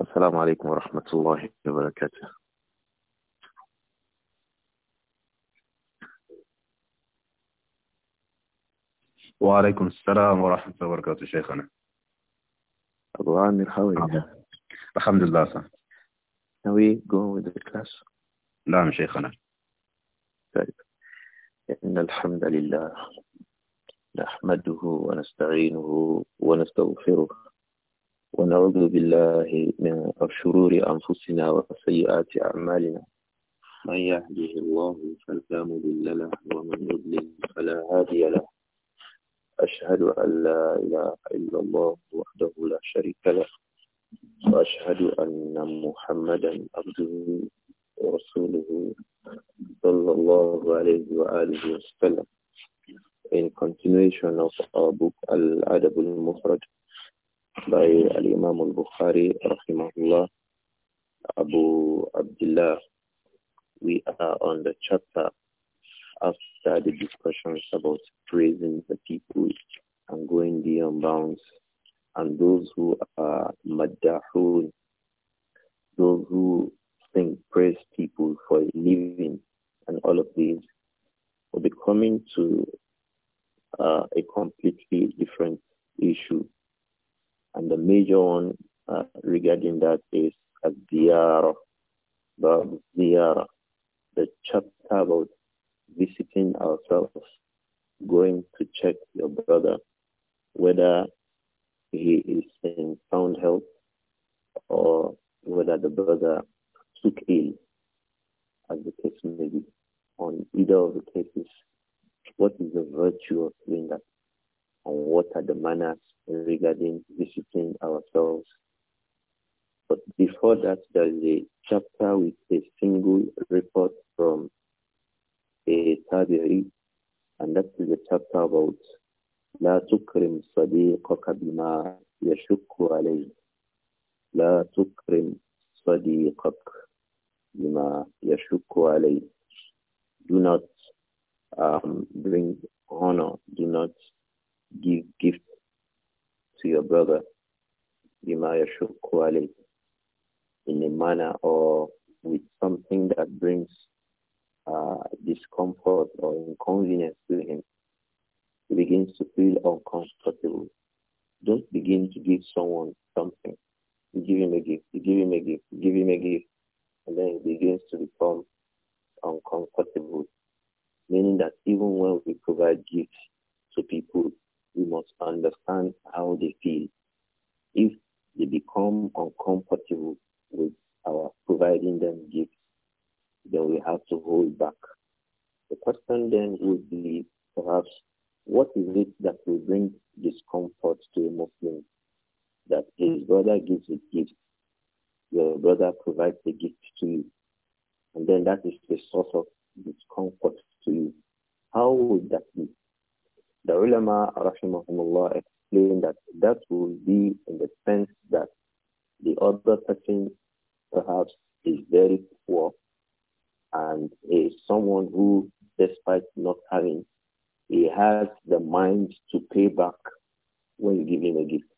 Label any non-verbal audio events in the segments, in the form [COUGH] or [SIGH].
السلام عليكم ورحمة الله وبركاته وعليكم السلام ورحمة الله وبركاته شيخنا أبو عامر how الحمد لله صح Can we go with the class? نعم شيخنا طيب إن الحمد لله نحمده ونستعينه ونستغفره ونعوذ بالله من شرور أنفسنا وسيئات أعمالنا من يهده الله فلا مضل له ومن يضلل فلا هادي له أشهد أن لا إله إلا الله وحده لا شريك له وأشهد أن محمدا عبده ورسوله صلى الله عليه وآله وسلم In continuation of our book Al-Adab al-Mufrad by Al-Imam al-Bukhari, rahimahullah, Abu Abdullah. We are on the chapter after the discussions about praising the people and going beyond bounds and those who are maddahun, those who think praise people for living and all of these will be coming to uh, a completely different issue and the major one uh, regarding that is Ziyara, the chapter about visiting ourselves, going to check your brother, whether he is in sound health or whether the brother took ill, as the case may be. On either of the cases, what is the virtue of doing that? on what are the manners regarding visiting ourselves. But before that, there is a chapter with a single report from a tabi'i, and that is the chapter about لا تكرم صديقك بما يشك عليه لا تكرم صديقك بما يشك عليه Do not um, bring honor, do not give gift to your brother should yashukku it in a manner or with something that brings uh, discomfort or inconvenience to him. He begins to feel uncomfortable. Don't begin to give someone something. You give him a gift, you give him a gift, you give him a gift, and then he begins to become uncomfortable. Meaning that even when we provide gifts to people, we must understand how they feel. If they become uncomfortable with our providing them gifts, then we have to hold back. The question then would be perhaps what is it that will bring discomfort to a Muslim? That his brother gives a gift, your brother provides a gift to you, and then that is the source of discomfort to you. How would that be? The ulama, rahimahumullah, explained that that will be in the sense that the other person perhaps is very poor and is someone who, despite not having, he has the mind to pay back when you give him a gift.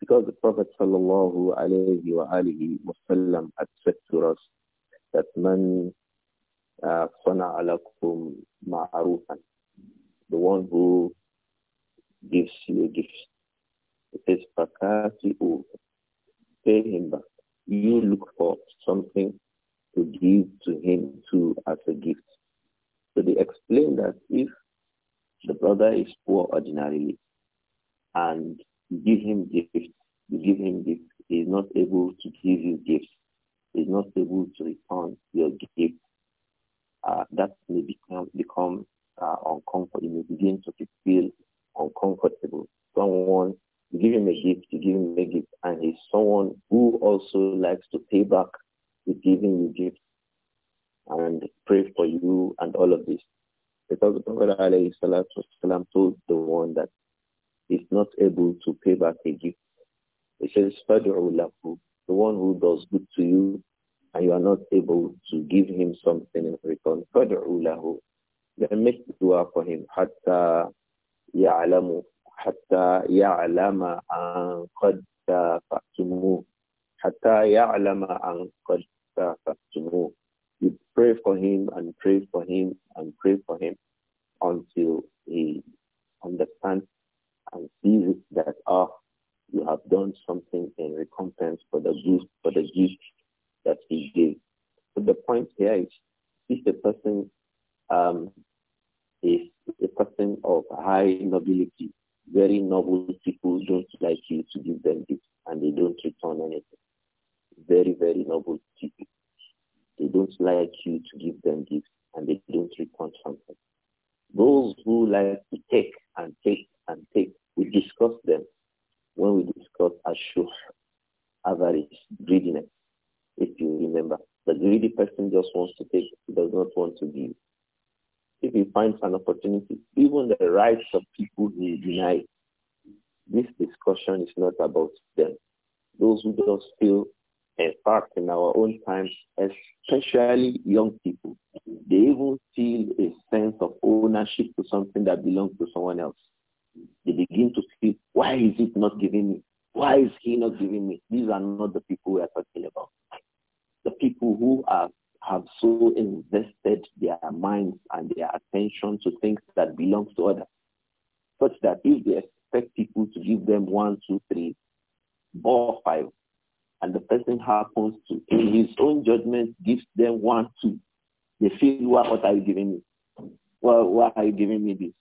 Because the Prophet sallallahu alayhi wa alihi wasallam had said to us that man صنع لكم معروفا the one who gives you a gift. It says, who Pay him back. You look for something to give to him too as a gift. So they explain that if the brother is poor ordinarily and you give him gifts, you give him gifts, he's is not able to give you gifts, he's is not able to return your gift, uh, that may become, become are uncomfortable, you begin to feel uncomfortable. Someone, you give him a gift, you give him a gift, and he's someone who also likes to pay back with giving you gifts and pray for you and all of this. Because the Prophet ﷺ told the one that is not able to pay back a gift. He says, the one who does good to you and you are not able to give him something in return. Then make dua for him. Hatta ya'lamu. Hatta ya'lama an qad Hatta ya'lama an qad You pray for him and pray for him and pray for him until he understands and sees that, ah, oh, you have done something in recompense for the gift, for the gift that he gave. But the point here is, if the person um, is a person of high nobility. Very noble people don't like you to give them gifts and they don't return anything. Very, very noble people. They don't like you to give them gifts and they don't return something. Those who like to take and take and take, we discuss them when we discuss ashur, avarice, greediness, if you remember. The greedy person just wants to take, he does not want to give if he finds an opportunity, even the rights of people he denies. This discussion is not about them. Those who just feel part in our own times, especially young people, they even feel a sense of ownership to something that belongs to someone else. They begin to feel, why is it not giving me? Why is he not giving me? These are not the people we are talking about. The people who are have so invested their minds and their attention to things that belong to others, such that if they expect people to give them one, two, three, four, five, and the person happens to, in his own judgment, gives them one, two, they feel, why, what are you giving me? Why, why are you giving me this?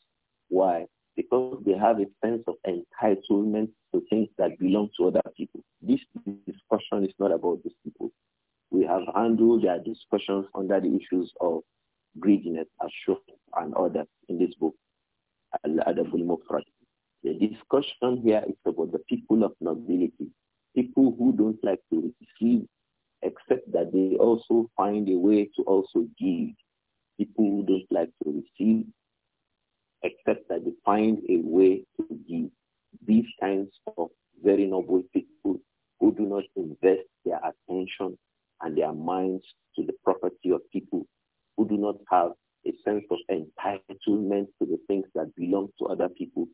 Why? Because they have a sense of entitlement to things that belong to other people. This discussion is not about these people we have handled their discussions under the issues of greediness, ashuk, and others in this book, al The discussion here is about the people of nobility, people who don't like to receive, except that they also find a way to also give. People who don't like to receive, except that they find a way to give. These kinds of very noble people who do not invest their attention and their minds to the property of people who do not have a sense of entitlement to the things that belong to other people,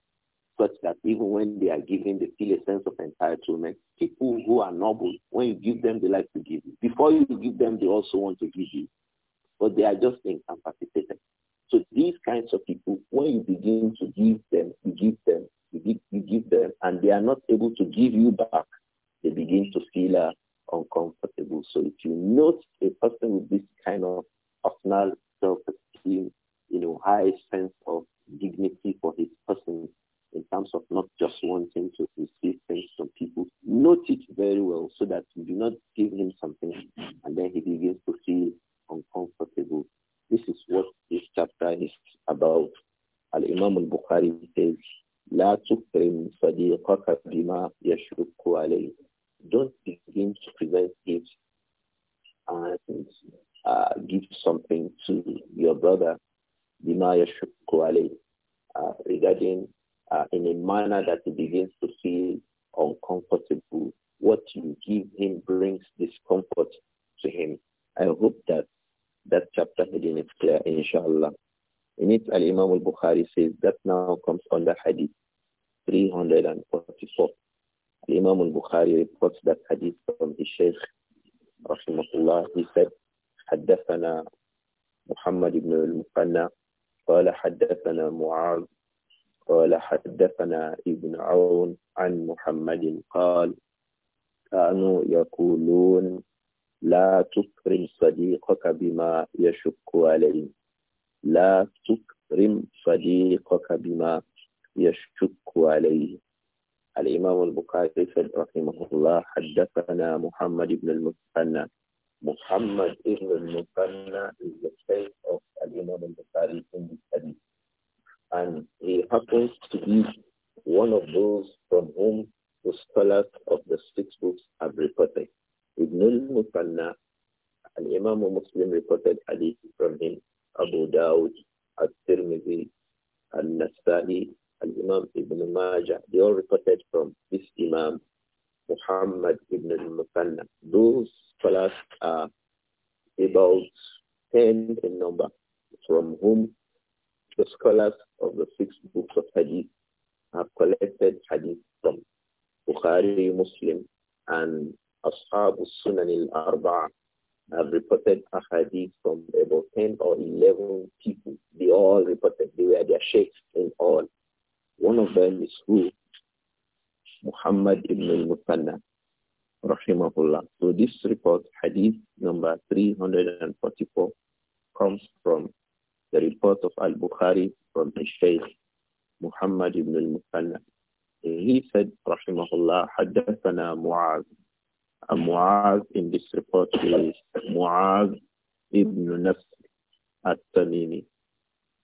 such that even when they are given, they feel a sense of entitlement. People who are noble, when you give them, they like to give you. Before you give them, they also want to give you. But they are just incapacitated. So these kinds of people, when you begin to give them, you give them, you give, you give them, and they are not able to give you back, they begin to feel uh, uncomfortable. So if you note a person with this kind of personal self-esteem, you know, high sense of dignity for his person in terms of not just wanting to receive things from people, note it very well so that you do not give him something and then he begins to feel uncomfortable. This is what this chapter is about. Al-Imam al-Bukhari says, لا تكرم صديقك بما يشك عليه. Don't be to present gifts and uh, give something to your brother Bima Yashukwale uh, regarding uh, in a manner that he begins to feel uncomfortable. What you give him brings discomfort to him. I hope that that chapter heading is clear, inshallah. In it, Al-Imam al-Bukhari says that now comes under hadith 344. الإمام البخاري bukhari حديث that hadith from his Shaykh, حدثنا محمد بن المقنع قال حدثنا معاذ قال حدثنا ابن عون عن محمد قال كانوا يقولون لا تكرم صديقك بما يشك عليه لا تكرم صديقك بما يشك عليه الإمام البخاري said رحمه الله حدثنا محمد بن المثنى محمد بن المثنى is the face of الإمام البخاري in this hadith and he happens to be one of those from whom the scholars of the six books have reported. Ibn al-Mutanna, al-Imam Muslim reported hadith from him, Abu Dawud, al-Tirmidhi, al-Nasahi, Al-Imam Ibn Majah, they all reported from this Imam, Muhammad Ibn al mukanna Those scholars are about 10 in number, from whom the scholars of the six books of Hadith have collected Hadith from Bukhari, Muslim, and Ashab al-Sunan al-Arba'a have reported a hadith from about 10 or 11 people. They all reported. They were their sheikhs in all. One of them is who? Muhammad ibn al-Musanna, rahimahullah. So this report, hadith number 344, comes from the report of al-Bukhari from the shaykh, Muhammad ibn al He said, rahimahullah, haddathana Mu'az. Mu'az in this report is Mu'az ibn Nafs at-Tamimi.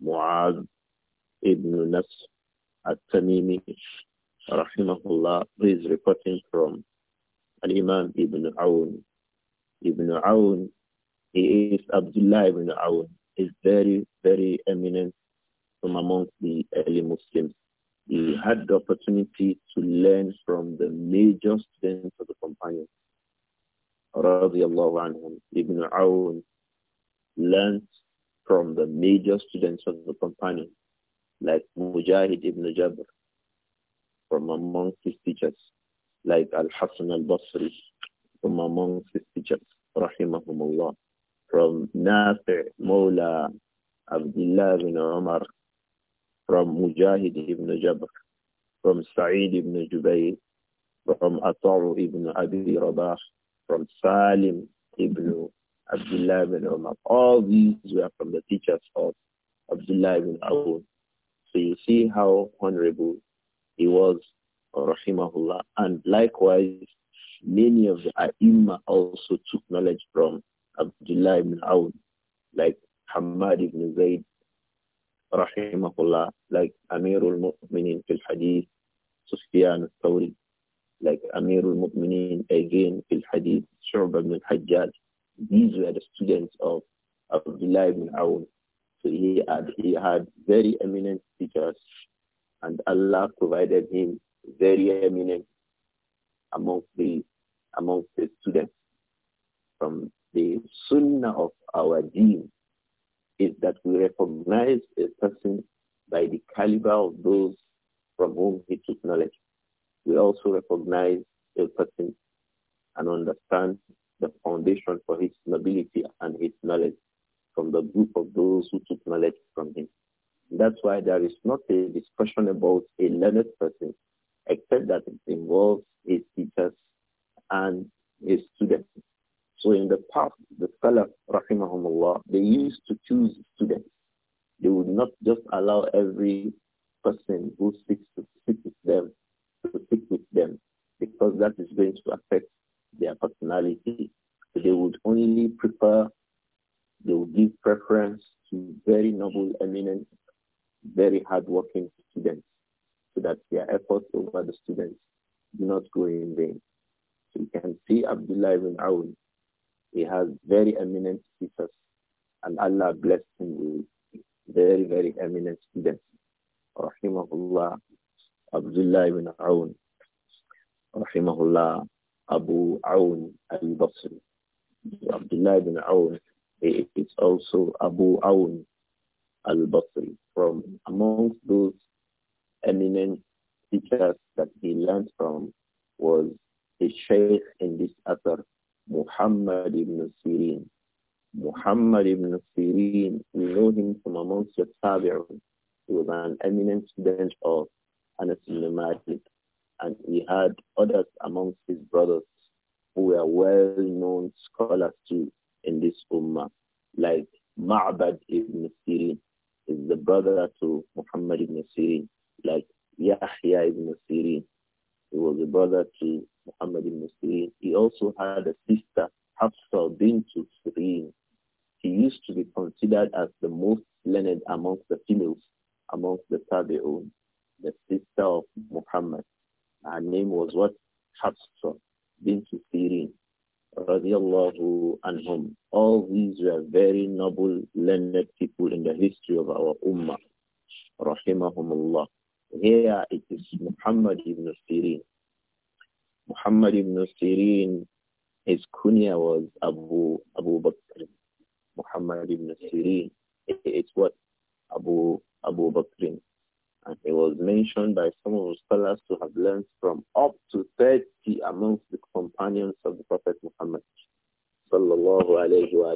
Mu'az ibn Nafs at-Tamimi, rahimahullah, who is reporting from Al-Imam Ibn Aoun. Ibn Aoun, he is Abdullah Ibn Aoun, is very, very eminent from amongst the early Muslims. He had the opportunity to learn from the major students of the companions. Radiallahu anhum, Ibn Aoun learned from the major students of the companions like Mujahid ibn Jabr from among his teachers, like al hassan al-Basri from among his teachers, rahimahumullah, from Nafi' Mawla Abdullah ibn Umar, from Mujahid ibn Jabr, from Sa'id ibn Jubayr, from Ataru ibn Abi Rabah, from Salim ibn Abdullah ibn Umar. All these were from the teachers of Abdullah ibn Abu so you see how honorable he was, rahimahullah. And likewise, many of the ai also took knowledge from Abdullah ibn Aoun, like Hamad ibn Zayd, rahimahullah, like Amirul Mu'minin fil Hadith, Sufyan al-Thawri, like Amirul Mu'minin again fil Hadith, Shu'bah ibn al-Hajjaj. These were the students of Abdullah ibn Aoun, so he had, he had very eminent teachers and Allah provided him very eminent amongst the, amongst the students. From the sunnah of our deen is that we recognize a person by the caliber of those from whom he took knowledge. We also recognize a person and understand the foundation for his nobility and his knowledge from the group of those who took knowledge from him. That's why there is not a discussion about a learned person, except that it involves a teacher and a student. So in the past, the Salaf, rahimahumullah, they used to choose students. They would not just allow every person who speaks to sit with them to sit with them because that is going to affect their personality. So they would only prefer they will give preference to very noble, eminent, very hardworking students so that their efforts over the students do not go in vain. So you can see Abdullah ibn Aoun. He has very eminent teachers and Allah blessed him with very, very eminent students. Rahimahullah, Abdullah ibn Aoun. Rahimahullah, Abu Aoun al-Basri. Abdullah ibn Aoun it is also Abu Awn al-Basri from amongst those eminent teachers that he learned from was the sheikh in this author, Muhammad ibn Sirin. Muhammad ibn Sirin, we know him from amongst the Tabi'un. He was an eminent student of Anas ibn Malik and he had others amongst his brothers who were well-known scholars too in this ummah, like Ma'bad ibn Sirin is the brother to Muhammad ibn Sirin, like Yahya ibn Sirin. He was a brother to Muhammad ibn Sirin. He also had a sister, Hafsa bint Sirin. He used to be considered as the most learned amongst the females, amongst the Tabi'un, the sister of Muhammad. Her name was what? Hafsa bint Sirin radiallahu anhum. All these were very noble, learned people in the history of our ummah, rahimahumullah. Here it is Muhammad ibn Sirin. Muhammad ibn Sirin, his kunya was Abu, Abu Bakr. Muhammad ibn Sirin, it's what? Abu, Abu Bakr. And it was mentioned by some of the scholars to have learned from up to 30 amongst the companions of the Prophet Muhammad. Sallallahu alayhi wa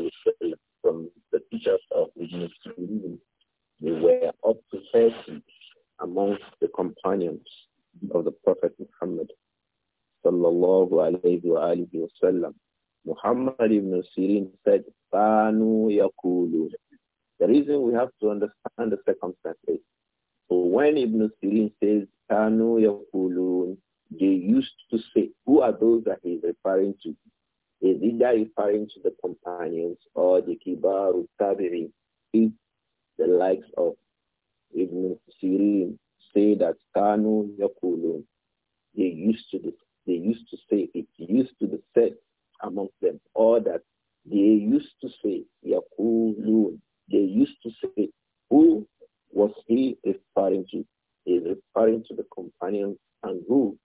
From the teachers of the Muslims, they were up to 30 amongst the companions of the Prophet Muhammad. Sallallahu alayhi wa sallam. Muhammad ibn Sirin said, Banu yakulun. The reason we have to understand the circumstances so when Ibn Sirin says, Kanu Yakulun, they used to say, who are those that he's referring to? Is he referring to the companions or the kibar Tabiri, the likes of Ibn Sirin, say that Kanu Yakulun, they used to this, they used to say, it used to be said amongst them, or that they used to say, Yakulun, they used to say, who was he referring to? Is referring to the companions and who?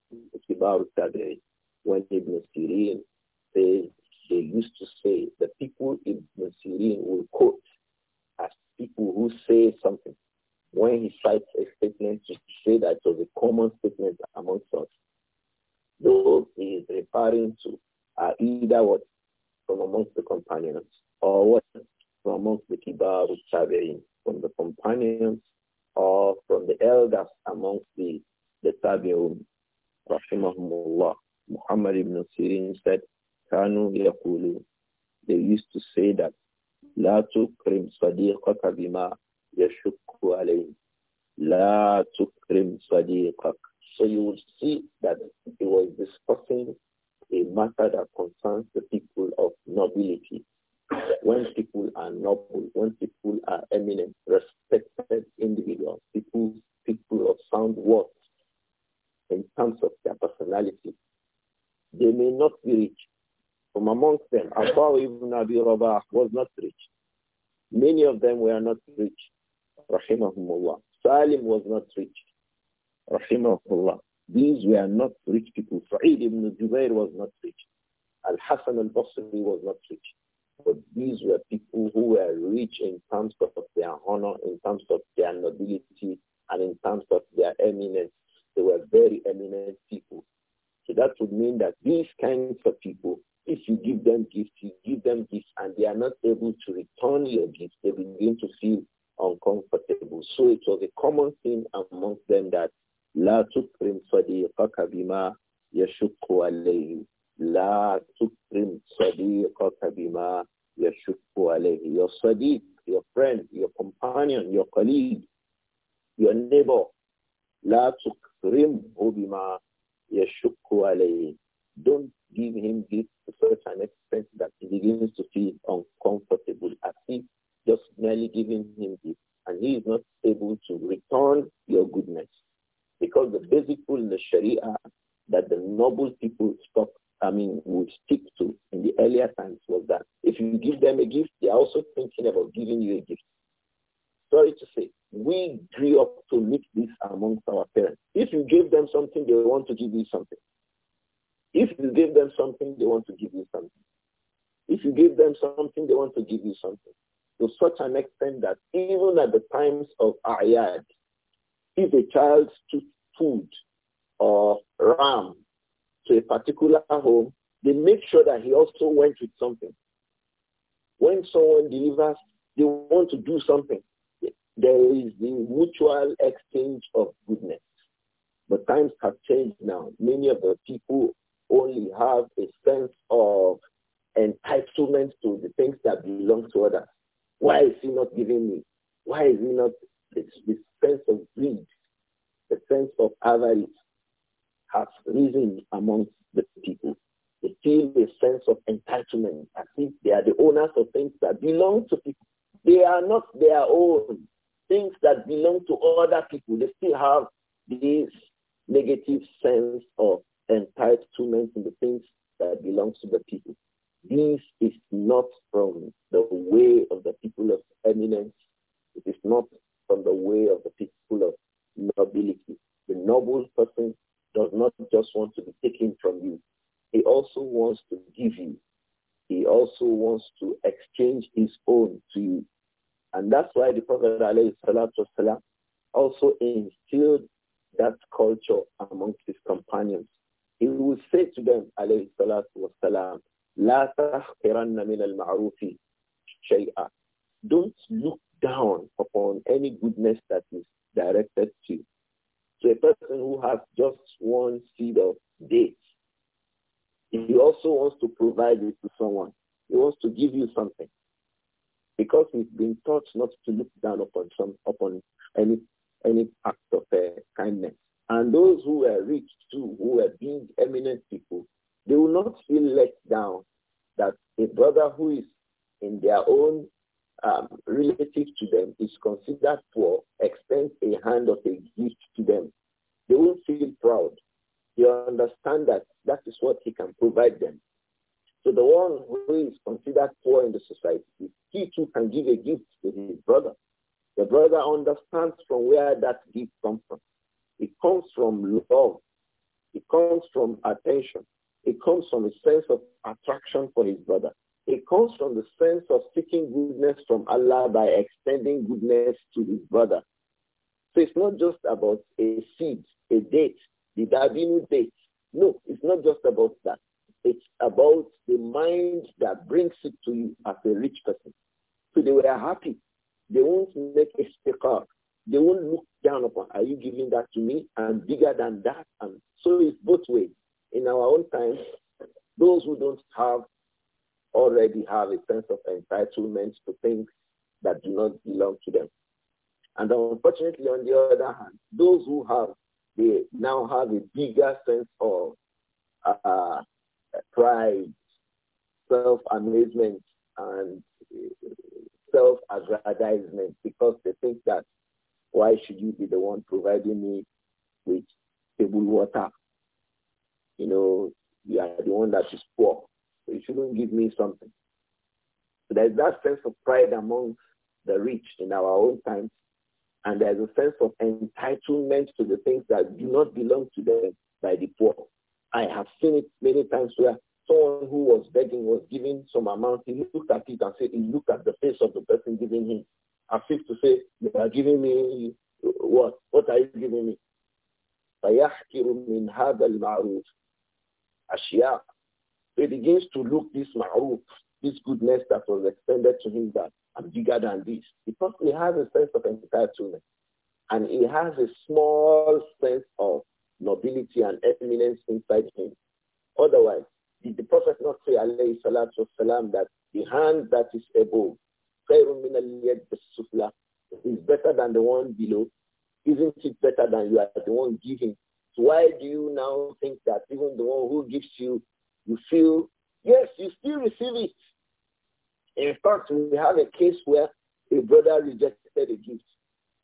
that day When Ibn Sirin they they used to say, the people Ibn Sirin will quote as people who say something. When he cites a statement to say that it was a common statement amongst us, those he is referring to are either what from amongst the companions or what from amongst the Kibar Tabi'in, from the companions or from the elders amongst the, the Tabi'un, Rahimahumullah. Muhammad ibn Sirin said, Kanu yakulu. They used to say that, La tukrim sadiqaka bima yashukku alayhi. La tukrim sadiqak. So you will see that he was discussing a matter that concerns the people of nobility, when people are noble, when people are eminent, respected individuals, people, people of sound worth in terms of their personality, they may not be rich. From amongst them, Abu ibn Abi Rabah was not rich. Many of them were not rich. Rahimahumullah. Salim was not rich. Rahimahumullah. These were not rich people. Sa'id ibn Jubair was not rich. al Hasan al-Basri was not rich. But these were people who were rich in terms of their honor, in terms of their nobility, and in terms of their eminence. They were very eminent people. So that would mean that these kinds of people, if you give them gifts, you give them gifts, and they are not able to return your gifts, they begin to feel uncomfortable. So it was a common thing amongst them that la تكرم صديقك بما يشق عليه لا تكرم صديقك بما يشك عليه your صديق your friend your companion your colleague your neighbor لا تكرمه بما يشك عليه don't give him gifts to such an extent that he begins to feel uncomfortable as if just merely giving him gifts and he is not able to return your goodness because the basic rule in the Sharia that the noble people stop I mean, would stick to in the earlier times was that if you give them a gift, they're also thinking about giving you a gift. Sorry to say, we grew up to meet this amongst our parents. If you give them something, they want to give you something. If you give them something, they want to give you something. If you give them something, they want to give you something. To such an extent that even at the times of ayad, if a child took food or ram to a particular home, they make sure that he also went with something. When someone delivers, they want to do something. There is the mutual exchange of goodness. But times have changed now. Many of the people only have a sense of entitlement to the things that belong to others. Why is he not giving me? Why is he not this, this sense of greed, the sense of avarice, has risen amongst the people. They feel a sense of entitlement as if they are the owners of things that belong to people. They are not their own. Things that belong to other people, they still have this negative sense of entitlement in the things that belong to the people. This is not from the way of the people of eminence. It is not from the way of the people of nobility. The noble person does not just want to be taken from you. He also wants to give you. He also wants to exchange his own to you. And that's why the Prophet ﷺ also instilled that culture amongst his companions. He would say to them, alayhi لا من المعروف شيئا. Don't look down upon any goodness that is directed to you. To a person who has just one seed of dates, he also wants to provide it to someone. He wants to give you something. Because he's been taught not to look down upon some upon any any act of uh, kindness. And those who are rich too, who are big, eminent people, they will not feel let down that a brother who is in their own um, relative to them is considered poor extends a hand of a gift to them. They will feel proud. They understand that that is what he can provide them. So the one who is considered poor in the society, he too can give a gift to his brother. The brother understands from where that gift comes from. It comes from love. It comes from attention. It comes from a sense of attraction for his brother. It comes from the sense of seeking goodness from Allah by extending goodness to his brother. So it's not just about a seed, a date, the Davinu date. No, it's not just about that. It's about the mind that brings it to you as a rich person. So they were happy. They won't make a istiqar. They won't look down upon, are you giving that to me? And bigger than that. And so it's both ways. In our own times, those who don't have already have a sense of entitlement to things that do not belong to them. And unfortunately, on the other hand, those who have, they now have a bigger sense of uh, pride, self-amazement, and uh, self-aggrandizement because they think that why should you be the one providing me with table water? You know, you are the one that is poor you shouldn't give me something. So there's that sense of pride among the rich in our own times. And there's a sense of entitlement to the things that do not belong to them by the poor. I have seen it many times where someone who was begging was given some amount. He looked at it and said, he looked at the face of the person giving him as if to say, you are giving me what? What are you giving me? فيحكر من هذا المعروف أشياء he begins to look this ma'ruf, this goodness that was extended to him that I'm bigger than this. Because he has a sense of entitlement. And he has a small sense of nobility and eminence inside him. Otherwise, did the Prophet not say, alayhi salatu salam, that the hand that is above, is better than the one below? Isn't it better than you are the one giving? So why do you now think that even the one who gives you you feel, yes, you still receive it. In fact, we have a case where a brother rejected a gift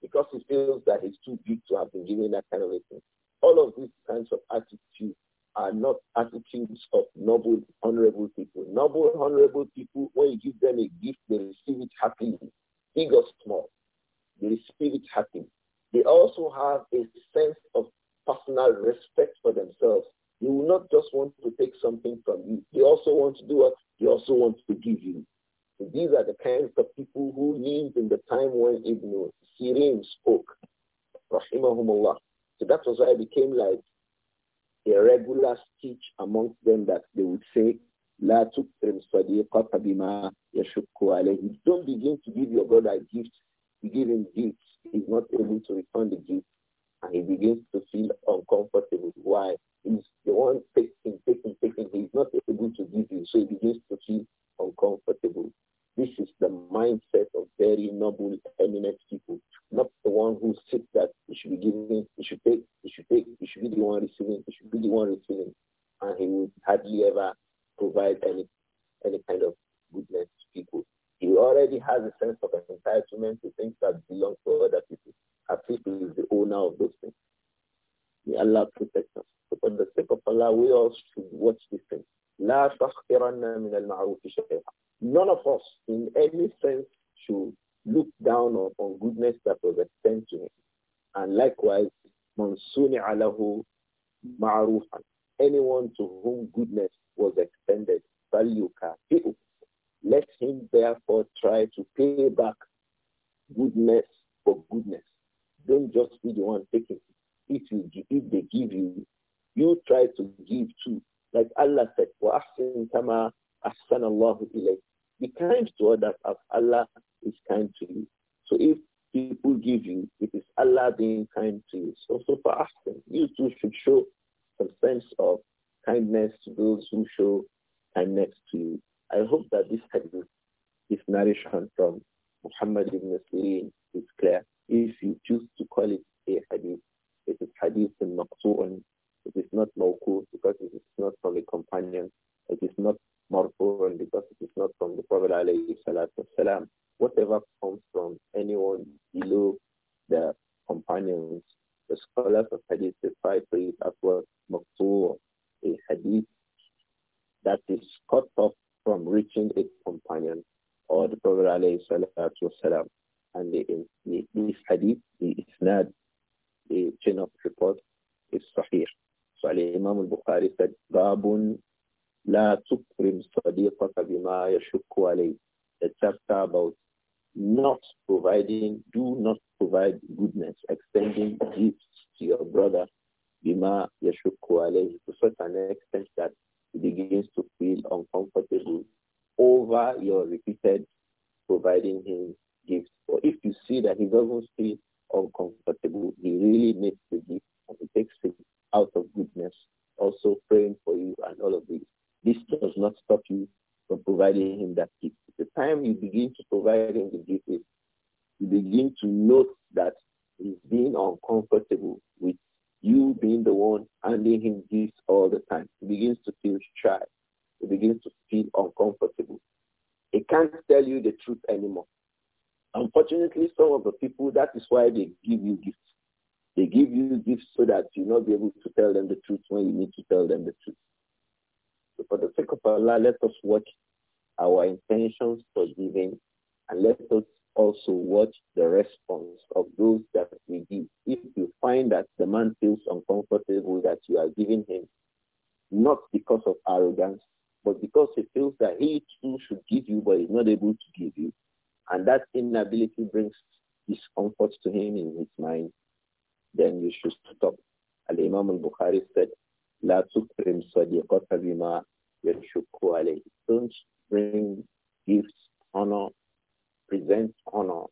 because he feels that it's too big to have been given that kind of a thing. All of these kinds of attitudes are not attitudes of noble, honorable people. Noble, honorable people, when you give them a gift, they receive it happily, big or small. They receive it happily. They also have a sense of personal respect for themselves they will not just want to take something from you. They also want to do what? They also want to give you. So these are the kinds of people who lived in the time when Ibn Sirin spoke. Rahimahumullah. So that was why it became like a regular speech amongst them that they would say, La Don't begin to give your brother a gift. You give him gifts. He's not able to return the gift and he begins to feel uncomfortable. Why? He's the one taking, taking, taking. He's not able to give you, so he begins to feel uncomfortable. This is the mindset of very noble, eminent people, not the one who sits that he should be giving, he should take, he should take, he should be the one receiving, he should be the one receiving, and he would hardly ever provide any any kind of goodness to people. He already has a sense of entitlement to things that belong to other people as if he is the owner of those things. May Allah protect us. So for the sake of Allah, we all should watch these things. None of us, in any sense, should look down on, goodness that was extended to him. And likewise, من صنع له Anyone to whom goodness was extended, فليكافئه. Let him therefore try to pay back goodness for goodness. Don't just be the one taking. If you if they give you, you try to give too. Like Allah said, Wa ahsin kama ahsan Allahu ilayk. Be kind to others as Allah is kind to you. So if people give you, it is Allah being kind to you. So, so for asking, you too should show some sense of kindness to those who show kindness to you. I hope that this hadith, this narration from Muhammad ibn Sirin is clear. If you choose to call it a hadith, it is hadith and maqsu'un. It is not mawku because it is not from a companion. It is not marfu'un because it is not from the Prophet alayhi salatu Whatever comes from anyone below the companions, the scholars of hadith refer to it as well maqsu'un, a hadith that is cut off from reaching a companion or the Prophet alayhi salatu wasalam. And the, the, this hadith, the isnad, the chain of report is sahih. So Imam al-Bukhari said, Babun la tukrim sadiqaka bima yashukku alayh. The chapter about not providing, do not provide goodness, extending gifts to your brother, bima yashukku alayh, to such an extent that he begins to feel uncomfortable over your repeated providing him gift. But if you see that he doesn't feel uncomfortable, he really needs the gift and he takes it out of goodness, also praying for you and all of this. This does not stop you from providing him that gift. The time you begin to provide him the gift you begin to note that he's being uncomfortable with you being the one handing him gifts all the time. He begins to feel shy. He begins to feel uncomfortable. He can't tell you the truth anymore. Unfortunately, some of the people, that is why they give you gifts. They give you gifts so that you'll not be able to tell them the truth when you need to tell them the truth. So for the sake of Allah, let us watch our intentions for giving and let us also watch the response of those that we give. If you find that the man feels uncomfortable that you are giving him, not because of arrogance, but because he feels that he too should give you but is not able to give you, and that inability brings discomfort to him in his mind, then you should stop. Al-Imam al-Bukhari said, "La تكرم صديقك بما يشك عليه. Don't bring gifts, honor, present honor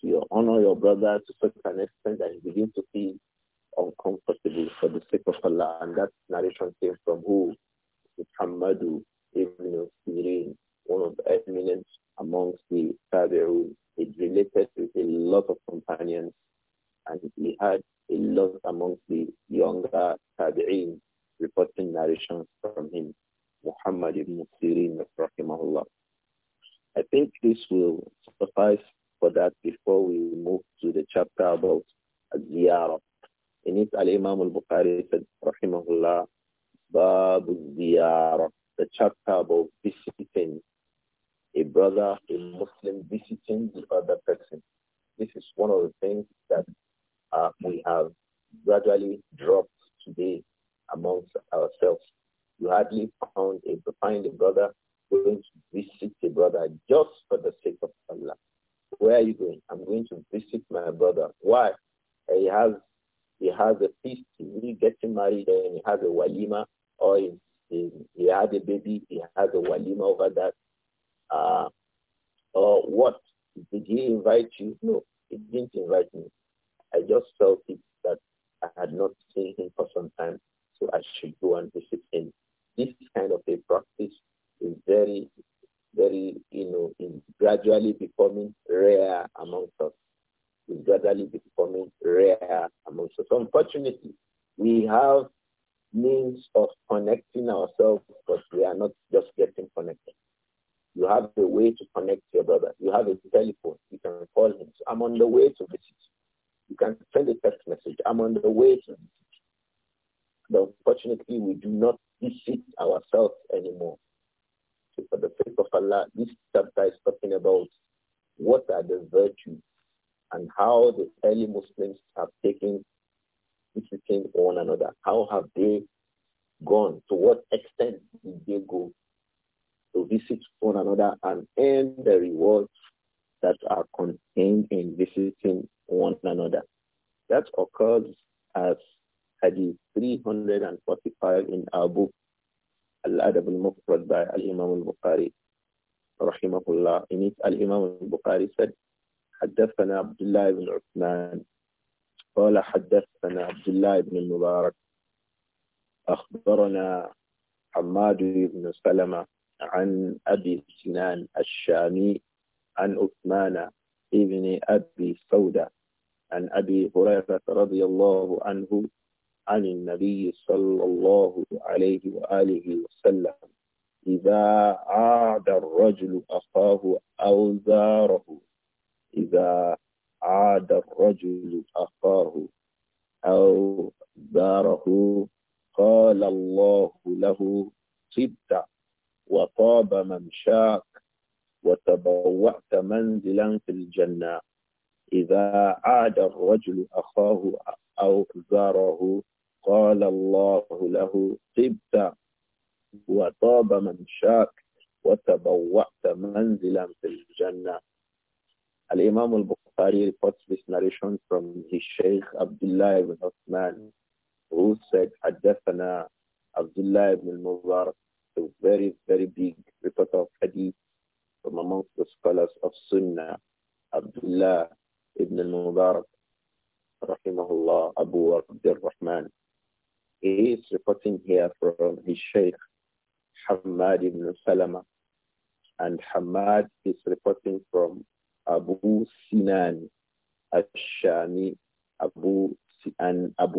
to your honor your brother to such an extent that he begins to feel uncomfortable for the sake of Allah. And that narration came from who? Muhammadu ibn Sirin one of the eminent amongst the Tabi'un. It related with a lot of companions and he had a lot amongst the younger Tabi'in reporting narrations from him, Muhammad ibn Sirin, rahimahullah. I think this will suffice for that before we move to the chapter about ziyarah. In it, Al-Imam al-Bukhari said, rahimahullah, Bab ziyarah, the chapter about visiting a brother, a Muslim visiting the other person. This is one of the things that uh, we have gradually dropped today amongst ourselves. You hardly found a, find a brother going to visit a brother just for the sake of Allah. Where are you going? I'm going to visit my brother. Why? He has he has a feast. He's getting married and he has a walima or he, he, he had a baby. He has a walima over that uh, or what? Did he invite you? No, he didn't invite me. I just felt it that I had not seen him for some time, so I should go and visit him. This kind of a practice is very, very, you know, is gradually becoming rare amongst us. Is gradually becoming rare amongst us. Unfortunately, we have means of connecting ourselves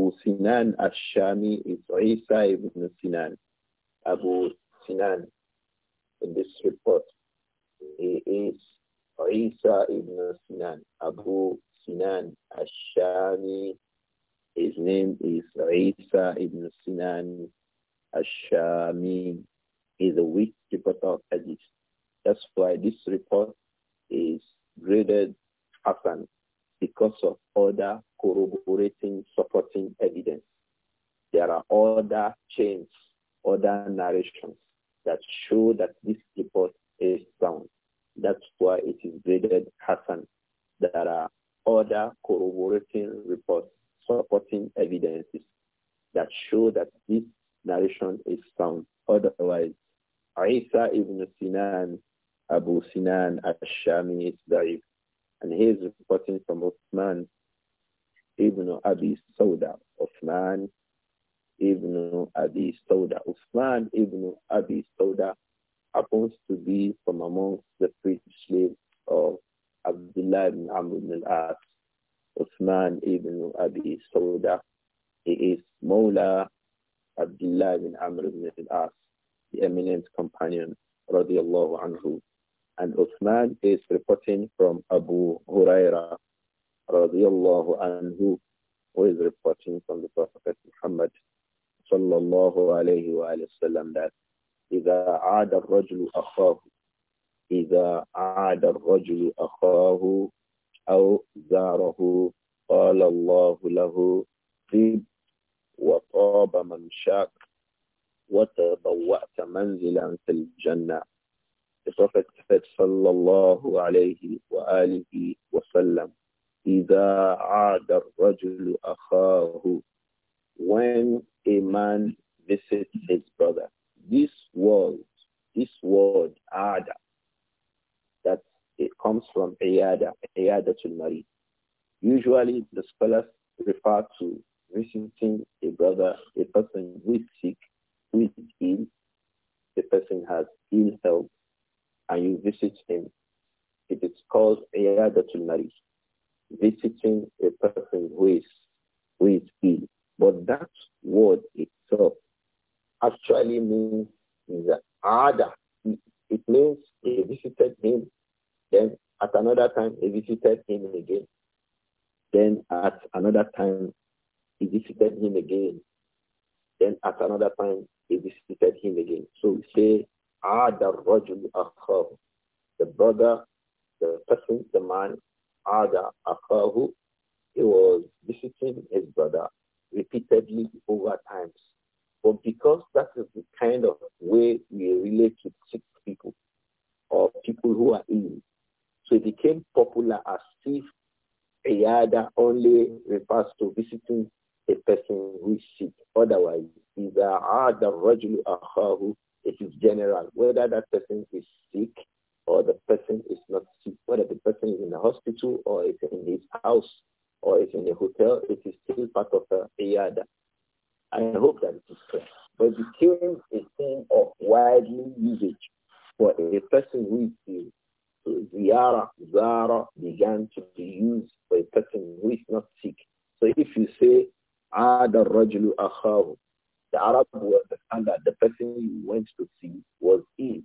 Abu Sinan al-Shami is Isa ibn Sinan. Abu Sinan, in this report, he is Isa ibn Sinan. Abu Sinan al-Shami, his name is Isa ibn Sinan al-Shami. He's a weak reporter of hadith. That's why this report is graded Hassan because of other corroborating, supporting evidence. There are other chains, other narrations that show that this report is sound. That's why it is graded Hassan. There are other corroborating reports, supporting evidences that show that this narration is sound. Otherwise, Isa ibn Sinan, Abu Sinan al-Shami is da'if. And he is reporting from Uthman ibn Abi Sauda, Uthman ibn Abi Sauda. Uthman ibn Abi Sauda happens to be from amongst the freed slaves of Abdullah ibn Amr ibn al-As. Uthman ibn Abi Sauda. He is Mawla Abdullah ibn Amr ibn al-As, the eminent companion, radiallahu anhu. And Uthman is reporting from Abu Huraira رضي الله عنه who is reporting from the Prophet Muhammad صلى الله عليه وآله وسلم that إذا عاد الرجل أخاه إذا عاد الرجل أخاه أو زاره قال الله له طيب وطاب من شاك وتضوأت منزلا في الجنة The Prophet said, sallallahu alayhi wa alihi wa إِذَا عَادَ الرَّجُلُ أَخَاهُ When a man visits his brother. This word, this word, ada, that it comes from ayada, ayada to marry. Usually the scholars refer to visiting a brother, a person who is sick, who is ill, the person has ill health, and you visit him. It is called ayada to marry visiting a person who is, who is ill. But that word itself actually means is other. It means he visited him, then at another time he visited him again. Then at another time he visited him again. Then at another time he visited him again. So we say ada rajul The brother, the person, the man Ada Akhahu, he was visiting his brother repeatedly over times. But because that is the kind of way we relate to sick people or people who are ill, so it became popular as if Iyada only refers to visiting a person who is sick. Otherwise, either Ada Rajulu Akhahu, it is general. Whether that person is sick or the person is not sick, whether the person is in the hospital or is in his house or is in a hotel, it is still part of the iyada. I hope that it is clear. But it became a thing of widely usage for a person who is ill. Ziyara, Zara began to be used for a person who is not sick. So if you say, Ada Rajulu Akhahu, the Arab word understand that the person you went to see was ill.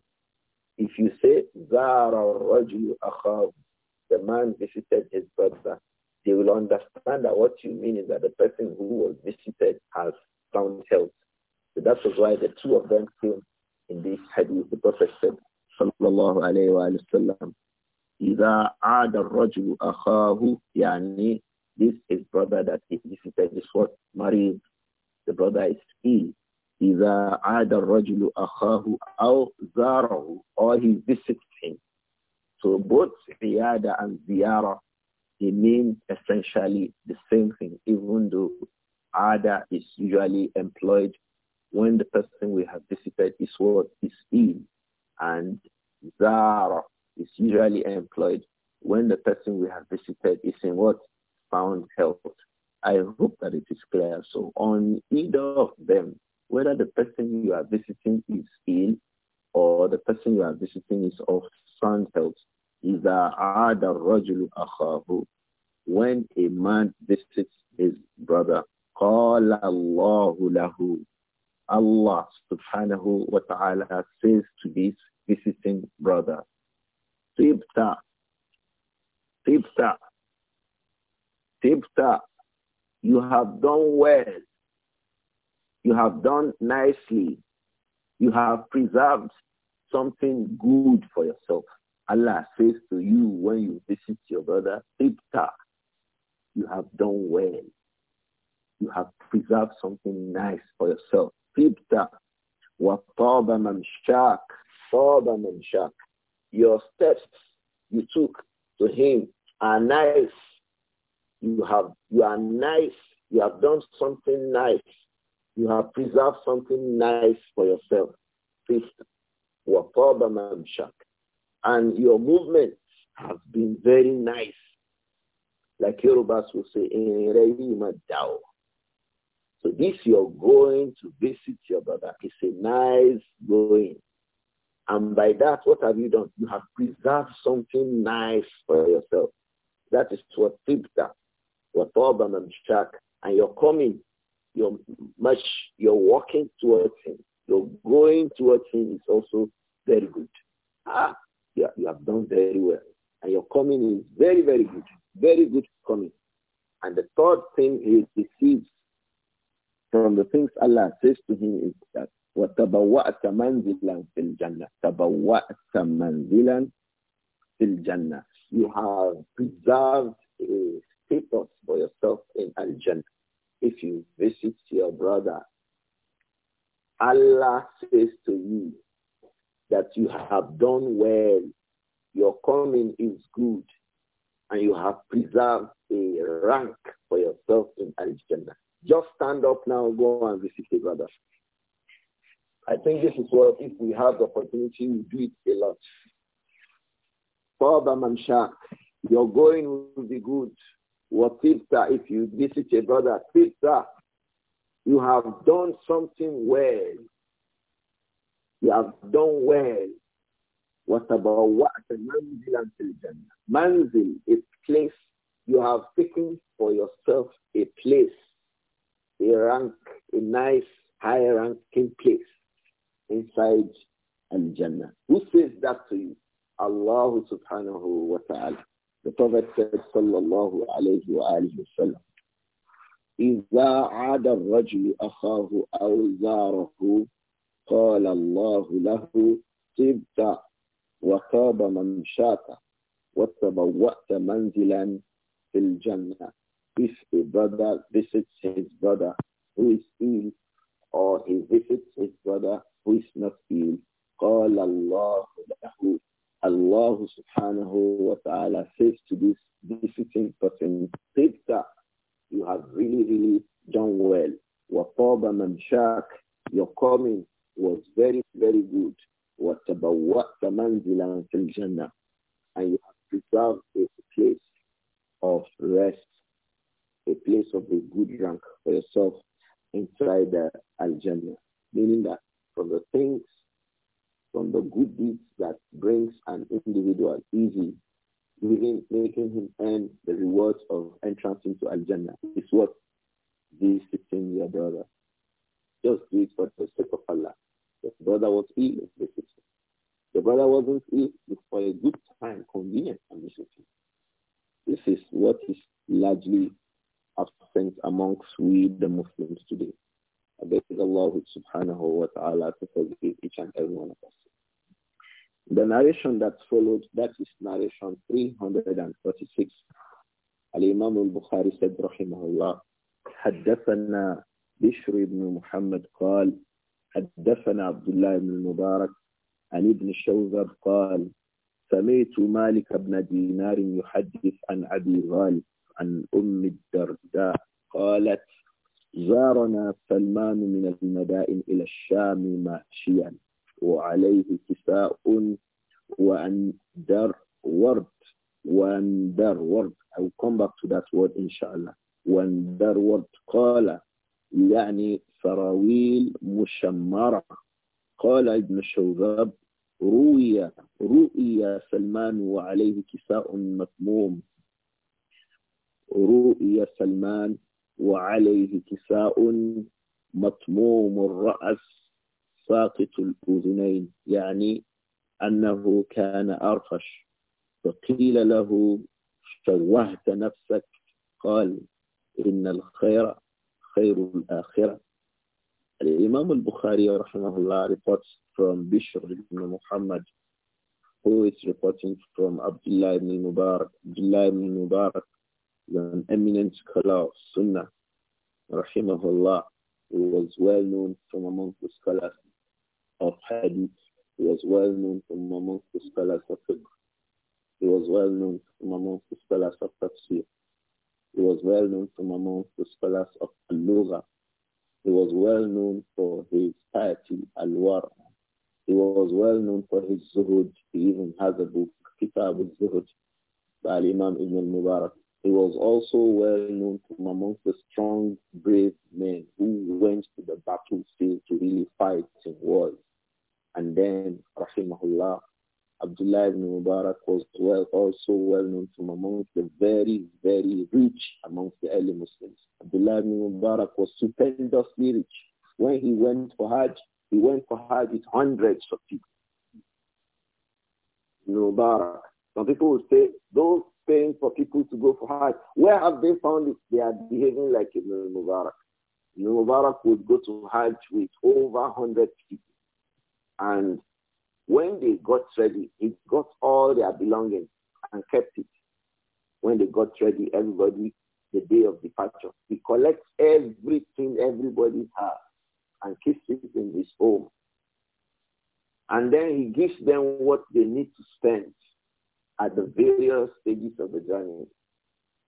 If you say, Zara Rajul Akhav, the man visited his brother, they will understand that what you mean is that the person who was visited has found help. So that was why the two of them came in this hadith. The Prophet said, Sallallahu alayhi wa sallam, إِذَا عَادَ الرَّجُلُ أَخَاهُ يعني This is brother that he visited This what married. The brother is ill. Either عاد Rajulu أخاه أو زاره or he visits him. So both عيادة and زيارة they mean essentially the same thing even though Ada is usually employed when the person we have visited is what is ill and zara is usually employed when the person we have visited is in what found health. I hope that it is clear. So on either of them, whether the person you are visiting is ill or the person you are visiting is of sound health. is عَادَ الرَّجُلُ أَخَاهُ When a man visits his brother, call اللَّهُ لَهُ Allah subhanahu wa ta'ala says to this visiting brother, Tibta, Tibta, Tibta, you have done well. You have done nicely. You have preserved something good for yourself. Allah says to you when you visit your brother, Ibta, you have done well. You have preserved something nice for yourself. Ibta, وَطَابَ مَمْشَاكَ man مَمْشَاكَ Your steps you took to him are nice. You have, you are nice. You have done something nice. You have preserved something nice for yourself. Fifth, and your movements have been very nice. Like Yorubas will say, so this you're going to visit your brother It's a nice going. And by that, what have you done? You have preserved something nice for yourself. That is what Tibta, what Orban and Shak, and your coming your much your walking towards him, your going towards him is also very good. Ah, you, you have done very well. And your coming is very, very good. Very good coming. And the third thing he receives from the things Allah says to him is that وَتَبَوَّأْتَ مَنْزِلًا فِي الْجَنَّةِ تَبَوَّأْتَ مَنْزِلًا فِي الْجَنَّةِ You have preserved a status for yourself in Al-Jannah if you visit your brother, Allah says to you that you have done well, your coming is good, and you have preserved a rank for yourself in Al-Jannah. Just stand up now, go and visit your brother. I think this is what, if we have the opportunity, we do it a lot. Father Manshak, your going will be good. What if you visit a brother, Qibta, you have done something well. You have done well. what? مَنْزِلًا and الْجَنَّةِ Manzil, is place you have taken for yourself a place, a rank, a nice high-ranking place inside Al-Jannah. Who says that to you? Allah subhanahu wa ta'ala. The Prophet said, sallallahu alayhi wa alayhi wa sallam, إِذَا عَادَ الرَّجُلُ أَخَاهُ أَوْ زَارَهُ قَالَ اللَّهُ لَهُ تِبْتَ وَخَابَ مَمْشَاكَ وَتَبَوَّأْتَ مَنْزِلًا فِي الْجَنَّةِ If a brother visits his brother who is ill, or he visits his brother who is not ill, قَالَ اللَّهُ لَهُ Allah subhanahu wa ta'ala says to this visiting person, Tibta, you have really, really done well. Waqaba manshak, your coming was very, very good. وَتَبَوَّأْتَ مَنْزِلًا fil jannah, And you have preserved a place of rest, a place of a good rank for yourself inside the Al-Jannah. Meaning that from the things from the good deeds that brings an individual easy, making him earn the rewards of entrance into Al-Jannah It's what these 16 year brother. Just do it for the sake of Allah. The brother was ill, the The brother wasn't ill, it's for a good time, convenient condition. This is what is largely absent amongst we, the Muslims today. I beg Allah subhanahu wa ta'ala to forgive each and every one of us. The narration that followed, that is narration 346. Al-Imam bukhari said, rahimahullah, حدثنا بشر بن محمد قال حدثنا عبد الله بن المبارك عن ابن شوذب قال سمعت مالك بن دينار يحدث عن أبي غالب عن أم الدرداء قالت زارنا سلمان من المدائن إلى الشام ماشيا وعليه كساء وأندر ورد وأندر ورد I will come back to that word إن شاء الله وأندر ورد قال يعني سراويل مشمرة قال ابن شوذاب روي رؤيا سلمان وعليه كساء مكموم رؤيا سلمان وعليه كساء مطموم الرأس ساقط الأذنين يعني أنه كان أرفش فقيل له شوهت نفسك قال إن الخير خير الآخرة الإمام البخاري رحمه الله reports from Bishr ibn Muhammad who is reporting from Abdullah ibn Mubarak Abdullah ibn Mubarak an eminent scholar of Sunnah, rahimahullah, who was well known from among the scholars of Hadith. He was well known from among the scholars of Fiqh. He was well known from among the scholars of Tafsir. He was well known from among the scholars of Al-Lugha. He was well known for his piety, Al-Wara. He was well known for his Zuhud. He even has a book, Kitab al-Zuhud, by Imam Ibn al-Mubarak. He was also well known from amongst the strong, brave men who went to the battlefield to really fight in wars. And then, rahimahullah, Abdullah ibn Mubarak was well, also well known from amongst the very, very rich amongst the early Muslims. Abdullah ibn Mubarak was stupendously rich. When he went for Hajj, he went for Hajj with hundreds of people. Mubarak. Some people would say those paying for people to go for Hajj. Where have they found it? They are behaving like Ibn mubarak Ibn mubarak would go to Hajj with over 100 people. And when they got ready, he got all their belongings and kept it. When they got ready, everybody, the day of departure, he collects everything everybody has and keeps it in his home. And then he gives them what they need to spend at the various stages of the journey.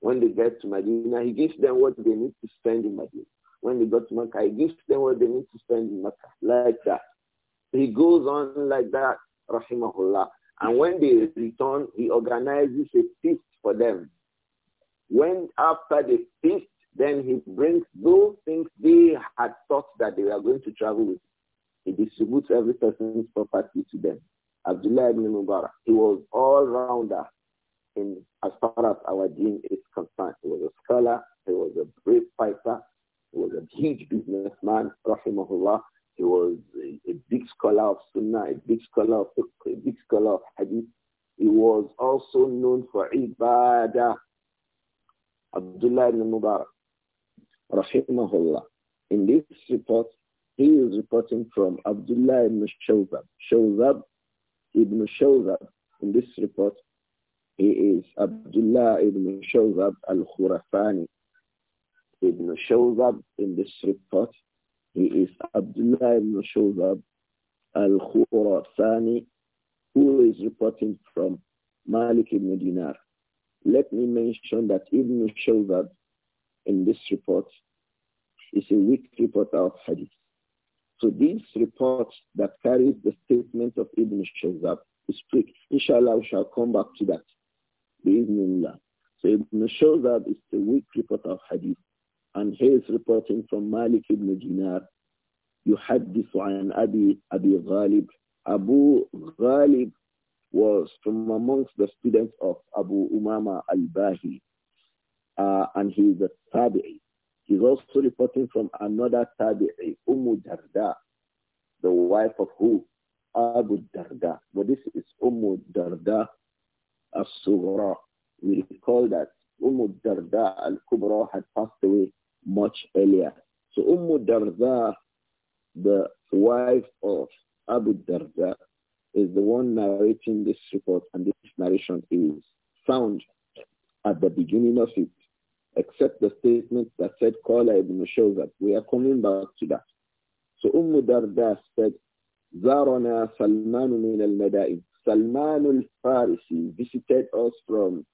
When they get to Medina, he gives them what they need to spend in Medina. When they go to Mecca, he gives them what they need to spend in Mecca, like that. He goes on like that, rahimahullah. And when they return, he organizes a feast for them. When after the feast, then he brings those things they had thought that they were going to travel with. He distributes every person's property to them. Abdullah ibn Mubarak. He was all-rounder in as far as our deen is concerned. He was a scholar, he was a brave fighter, he was a huge businessman, rahimahullah. He was a, a big scholar of Sunnah, a big scholar of a big scholar of hadith. He was also known for ibadah. Abdullah ibn Mubarak, rahimahullah. In this report, he is reporting from Abdullah ibn Shawzab. Shawzab ibn Shawzab. In this report, he is Abdullah ibn Shawzab al-Khurafani. Ibn Shawzab in this report, he is Abdullah ibn Shawzab al-Khurafani, who is reporting from Malik ibn Dinar. Let me mention that Ibn Shawzab in this report is a weak reporter of hadith. So these reports that carries the statement of Ibn Shazab we speak. Inshallah, we shall come back to that. Bismillah. So Ibn Shazab is the weak report of hadith. And he is reporting from Malik ibn Dinar. يحدث عن أبي أبي غالب Abu Ghalib was from amongst the students of Abu Umama al-Bahi, uh, and he is a Tabi'i. He's also reporting from another tabi'i, Umm Darda, the wife of who? Abu Darda. But this is Umm Darda al-Sughra. We recall that Umm Darda al-Kubra had passed away much earlier. So Umm Darda, the wife of Abu Darda, is the one narrating this report and this narration is found at the beginning of it except the statement that said Qala ibn Shawzat. We are coming back to that. So Umm Darda said, Zarana Salman min al-Mada'in. Salman al-Farisi visited us from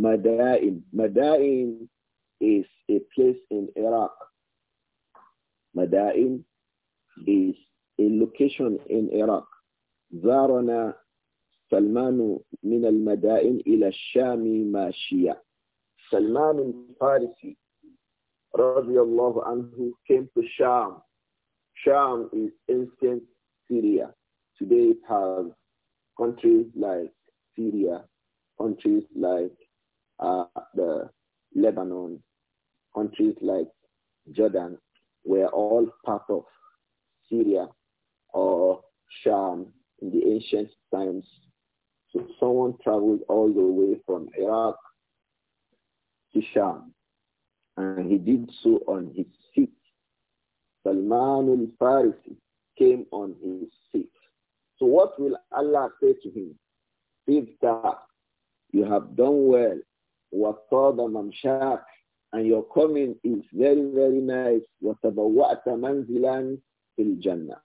Mada'in. Mada'in is a place in Iraq. Mada'in is a location in Iraq. زارنا سلمان من المدائن إلى الشام ماشية Salman al-Farisi radiallahu anhu came to Sham. Sham is ancient Syria. Today it has countries like Syria, countries like uh, the Lebanon, countries like Jordan were all part of Syria or Sham in the ancient times. So someone traveled all the way from Iraq Hisham. And he did so on his feet. Salman al-Farisi came on his feet. So what will Allah say to him? Ibta, you have done well. Waqtada mamshak, and your coming is very, very nice. وَتَبَوَّأْتَ manzilan fil jannah.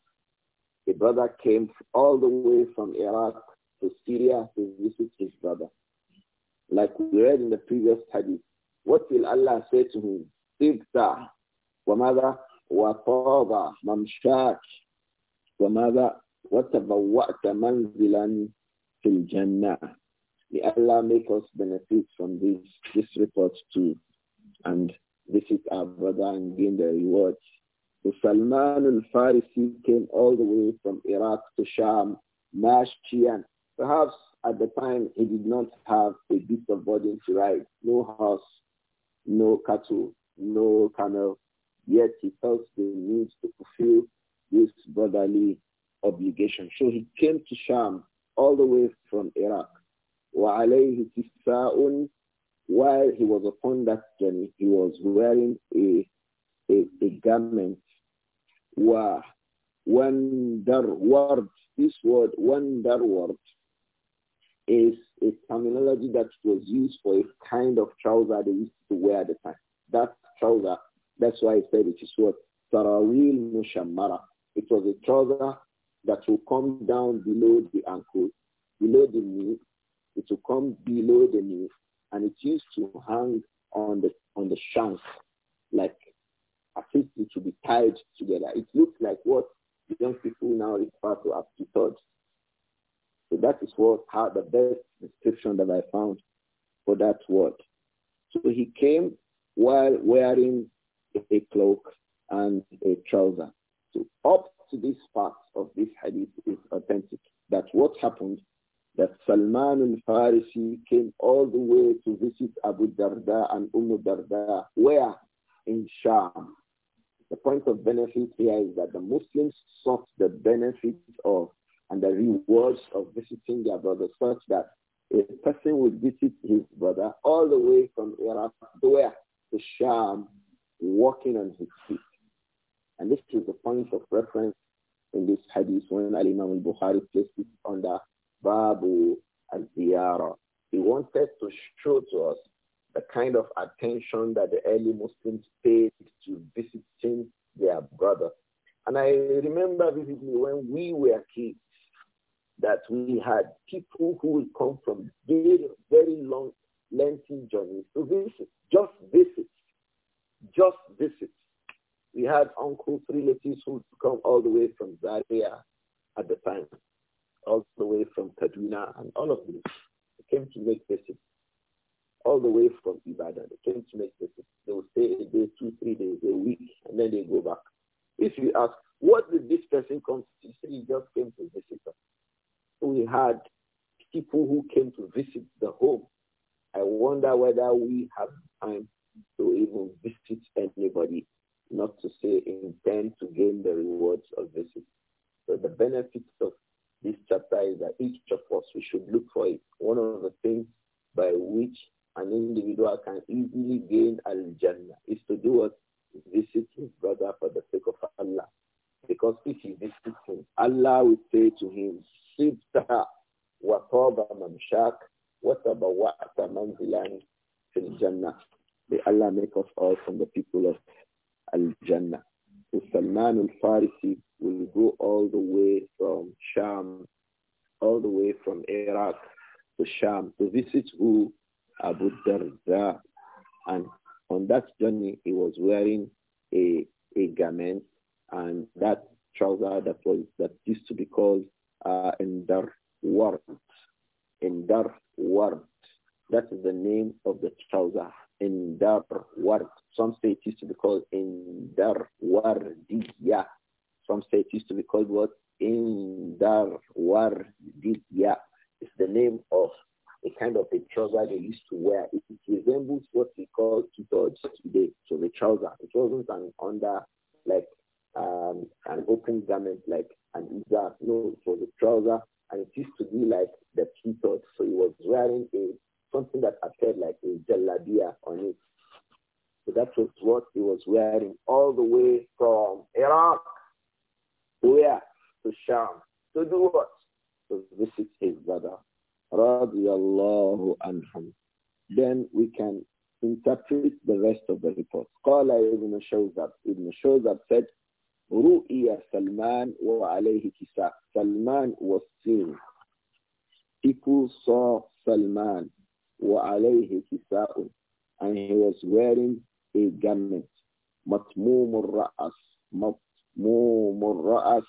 A brother came all the way from Iraq to Syria to visit his brother. Like we read in the previous study, what will Allah say to him? Ibta. وماذا? وطاب ممشاك. وماذا? وتبوأت منزلا في الجنة. May Allah make us benefit from this, this report too and is our brother and gain the rewards. So Salman al-Farisi came all the way from Iraq to Sham, Mashkian. Perhaps at the time he did not have a bit of burden to ride, no horse, no cattle, no camel, yet he felt the need to fulfill this brotherly obligation. So he came to Sham all the way from Iraq. While he was upon that journey, he was wearing a, a, a garment. word. This word, word is a terminology that was used for a kind of trouser they used to wear at the time. That trouser, that's why I said it is what Sarawil mushamara. It was a trouser that will come down below the ankle, below the knee. It will come below the knee, and it used to hang on the on the shank, like a think it should be tied together. It looks like what young people now refer to as the third so that is what how the best description that I found for that word. So he came while wearing a cloak and a trouser. So up to this part of this hadith is authentic. That what happened, that Salman al-Farisi came all the way to visit Abu Darda and Umm Darda. Where? In Sham. The point of benefit here is that the Muslims sought the benefit of and the rewards of visiting their brother such that a person would visit his brother all the way from Iraq to where? To Sham, walking on his feet. And this is the point of reference in this hadith when Al-Imam al-Bukhari placed it under Babu al-Ziyara. He wanted to show to us the kind of attention that the early Muslims paid to visiting their brother. And I remember vividly when we were kids, that we had people who would come from very, very long, lengthy journeys to visit, just visit, just visit. We had uncles, relatives who would come all the way from Zaria at the time, all the way from Kaduna and all of this. They came to make visits. All the way from Ibadan, they came to make visits. They would stay a day, two, three days, a week, and then they go back. If you ask, what did this person come to see? He just came to visit us we had people who came to visit the home. I wonder whether we have time to even visit anybody, not to say intend to gain the rewards of visit. So the benefits of this chapter is that each of us, we should look for it. One of the things by which an individual can easily gain al-Jannah is to do what? Visit his brother for the sake of Allah. Because if he visits him, Allah will say to him, حفظتها وطاب ممشاك وتبوأت منزلا في الجنة May Allah make us all from the people of Al-Jannah. So Salman al-Farisi will go all the way from Sham, all the way from Iraq to Sham to visit who? Abu Darda. And on that journey, he was wearing a, a garment and that trouser that was that used to be called are uh, in Dar Ward. In Dar Ward. That is the name of the trouser. In Dar Ward. Some say it used to be called in Dar Wardiya. Some say it used to be called what? In Wardiya. It's the name of a kind of a trouser they used to wear. It, resembles what we call kitods today. So the trouser. It wasn't an under like um, an open garment like and izar. No, it was a trouser and it used to be like the peacock. So he was wearing a something that appeared like a jalabia on it. So that was what he was wearing all the way from Iraq where? To Sham. To do what? To visit his brother. Radiallahu anhum. Then we can interpret the rest of the report. Qala ibn Shawzab. Ibn Shawzab said, Ru'iya Salman wa Salman was seen. People saw Salman wa And he was wearing a garment. Matmumur الرأس Matmumur الرأس.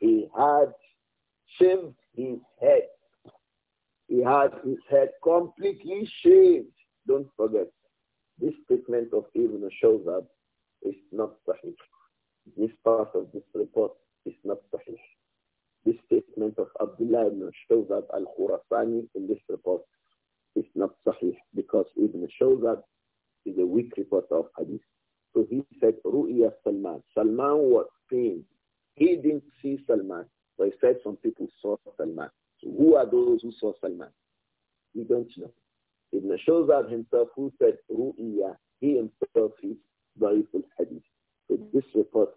He had shaved his head. He had his head completely shaved. Don't forget, this statement of Ibn Shawzab is not sahih. This part of this report is not sahih. This statement of Abdullah ibn that al-Khurasani in this report is not sahih because Ibn Shawzab is a weak reporter of hadith. So he said, Ru'ya Salman. Salman was seen. He didn't see Salman, but he said some people saw Salman. So who are those who saw Salman? We don't know. Ibn that himself who said, Ru'ya, he himself is Da'iful Hadith. So this report,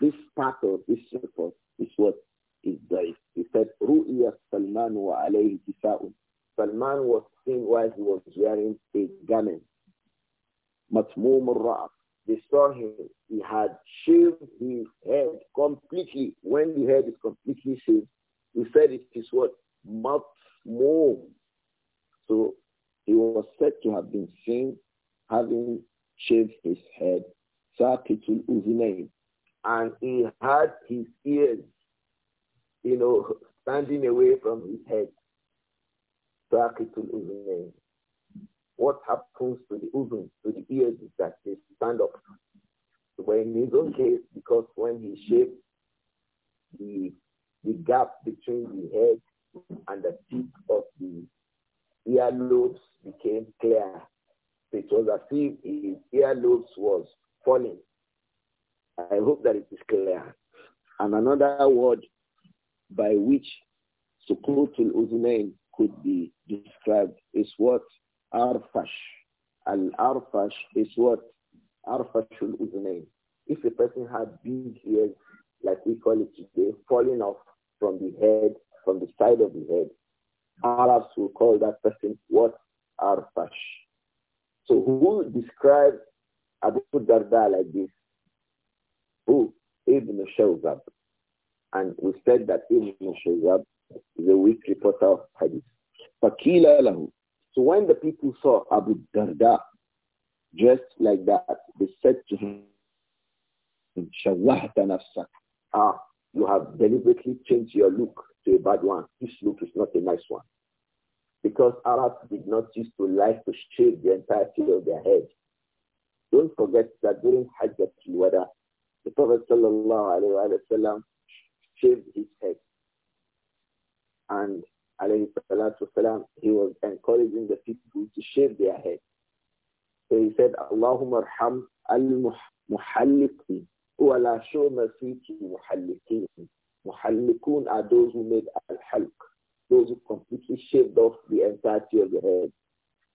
this part of this report is what is there. He said, Ru'iya Salman wa alayhi tisa'un. Salman was seen while he was wearing a garment. Matmum raaf They saw him. He had shaved his head completely. When the head is completely shaved, he said it is what? Matmum. So he was said to have been seen having shaved his head Sakitul Uzunain. And he had his ears, you know, standing away from his head. Sakitul Uzunain. What happens to the Uzun, to the ears, is that they stand up. When in his own because when he shaved, the, the gap between the head and the tip of the earlobes became clear. It was as if his earlobes was falling. I hope that it is clear. And another word by which Sukutul Uzunain could be described is what? Arfash. Al-Arfash is what? Arfashul Uzunain. If a person had big ears, like we call it today, falling off from the head, from the side of the head, Arabs will call that person what? Arfash. So who described Abu Darda like this. Who? even shows up, And we said that Ibn up, is a weak reporter of hadith. Fakila lahu. So when the people saw Abu Darda dressed like that, they said to him, Shawahta nafsak. Ah, you have deliberately changed your look to a bad one. This look is not a nice one. Because Arabs did not used to like to shave the entirety of their head. Don't forget that during Hajj al-Wada, the Prophet wasallam shaved his head. And wasallam, he was encouraging the people to shave their head. So he said, Allahumma arham al muhallikin wa la shawma fiki muhallikin." Muhallikun are those who made al-halq, those who completely shaved off the entirety of the head.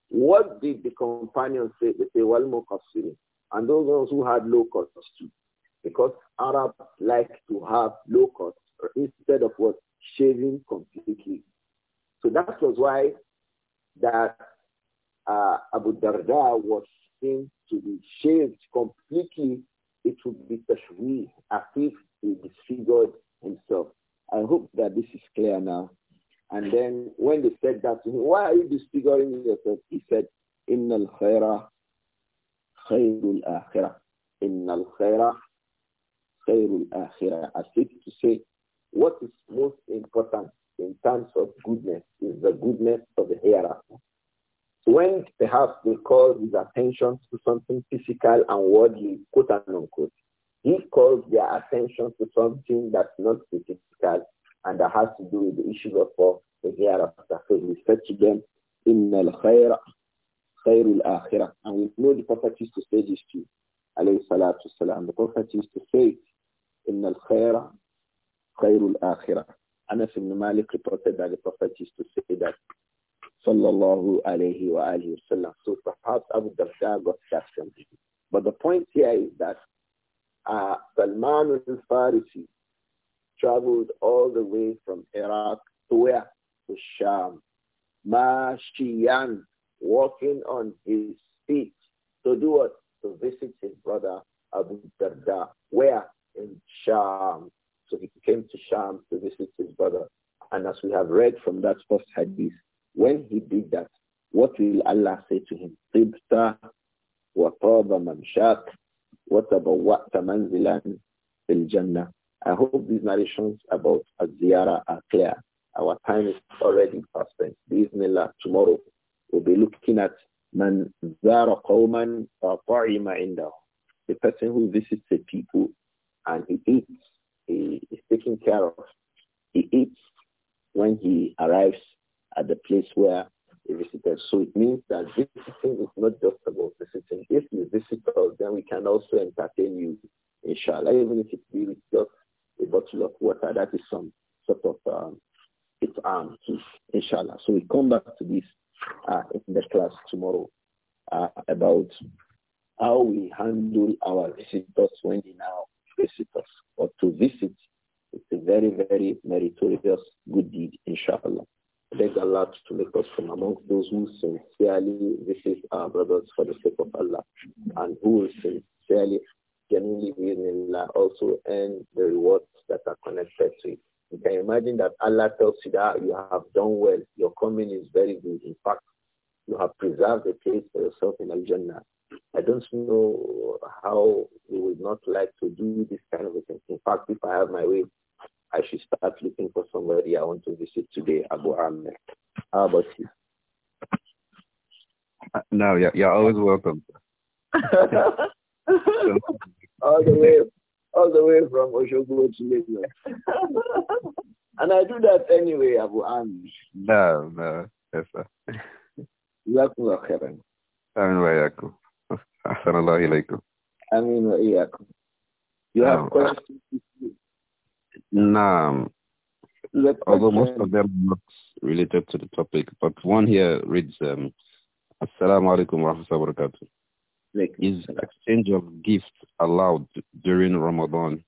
What did the companions say? They say, well, muqassirin. And those ones who had low costs too. Because Arabs like to have low costs instead of what? Shaving completely. So that was why that uh, Abu Darda was seen to be shaved completely. It would be tashwih, as if he disfigured himself. I hope that this is clear now. And then when they said that to him, why are you disfiguring yourself? He said, khaira khairul akhira, inna al khaira khairul akhira." As if to say, what is most important in terms of goodness is the goodness of the hereafter. So when perhaps they called his attention to something physical and worldly, quote and unquote, he calls their attention to something that's not physical and that has to do with the issues of the hereafter. we said to them, Inna al-khayra khayrul akhirah. And we know the Prophet used to say this to alayhi salatu salam. The Prophet used to say, Inna al-khayra khayrul akhirah. Anas ibn Malik reported that the Prophet used to say that, sallallahu alayhi wa alayhi wa sallam. So perhaps Abu Darda got that from him. But the point here is that uh, Salman al-Farisi, traveled all the way from Iraq to where? To Sham. Mashiyan, walking on his feet to do what? To visit his brother Abu Darda. Where? In Sham. So he came to Sham to visit his brother. And as we have read from that first hadith, when he did that, what will Allah say to him? Tibta wa taba wa tabawwa'ta manzilan fil jannah. I hope these narrations about Azziara are clear. Our time is already past tense. Bismillah, tomorrow we'll be looking at Man Zara Qawman Indahu. The person who visits the people and he eats, he is taken care of. He eats when he arrives at the place where he visited. So it means that visiting is not just about visiting. If you visit us, then we can also entertain you, inshallah, even if it be with just a bottle of water. That is some sort of um, it's arm, um, inshallah. So we come back to this uh, in the class tomorrow uh, about how we handle our visitors when they now visit us or to visit. It's a very, very meritorious good deed, inshallah. Beg Allah to make us from among those who sincerely visit our brothers for the sake of Allah and who sincerely genuinely bismillah also earn the rewards that are connected to it. You can imagine that Allah tells you that you have done well, your coming is very good. In fact, you have preserved the place for yourself in Al-Jannah. I don't know how you would not like to do this kind of a thing. In fact, if I have my way, I should start looking for somebody I want to visit today, Abu Ahmed. How about you? Uh, no, you're, you're always welcome. [LAUGHS] [LAUGHS] so, all the way, all the way from Oshogbo to Lagos. [LAUGHS] and I do that anyway, Abu Ami. No, no, yes, sir. Jazakumullah khairan. Amin wa iyakum. Ahsanallahu Amin wa iyakum. You have um, questions? Naam. Although most of them not related to the topic, but one here reads, um, Assalamualaikum warahmatullahi wabarakatuh is exchange of gifts allowed during Ramadan.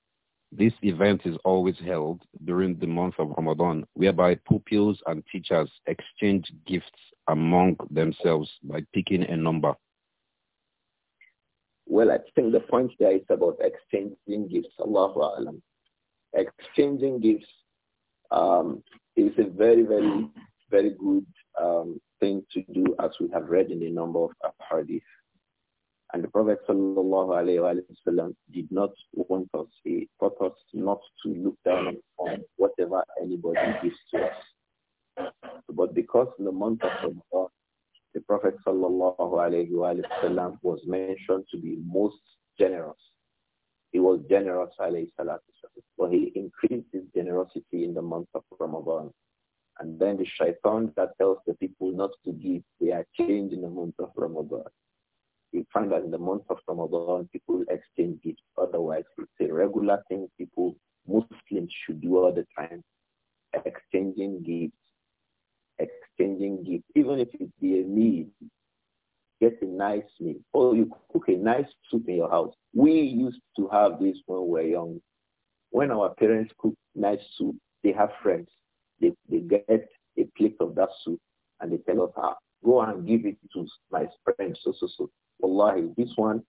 This event is always held during the month of Ramadan, whereby pupils and teachers exchange gifts among themselves by picking a number. Well, I think the point there is about exchanging gifts. Allahu Alam. Exchanging gifts um, is a very, very, very good um, thing to do as we have read in a number of hadith. And the Prophet وسلم, did not want us, he taught us not to look down on whatever anybody gives to us. But because the month of Ramadan, the Prophet وسلم, was mentioned to be most generous. He was generous, but so he increased his generosity in the month of Ramadan. And then the shaitan that tells the people not to give, they are changed in the month of Ramadan. You find that in the month of Ramadan, people exchange gifts. Otherwise, it's a regular thing people, Muslims should do all the time. Exchanging gifts. Exchanging gifts. Even if it be a meal, get a nice meal. Or you cook a nice soup in your house. We used to have this when we were young. When our parents cook nice soup, they have friends. They, they get a plate of that soup and they tell us, ah, go and give it to my friend so so so. Wallahi, this one,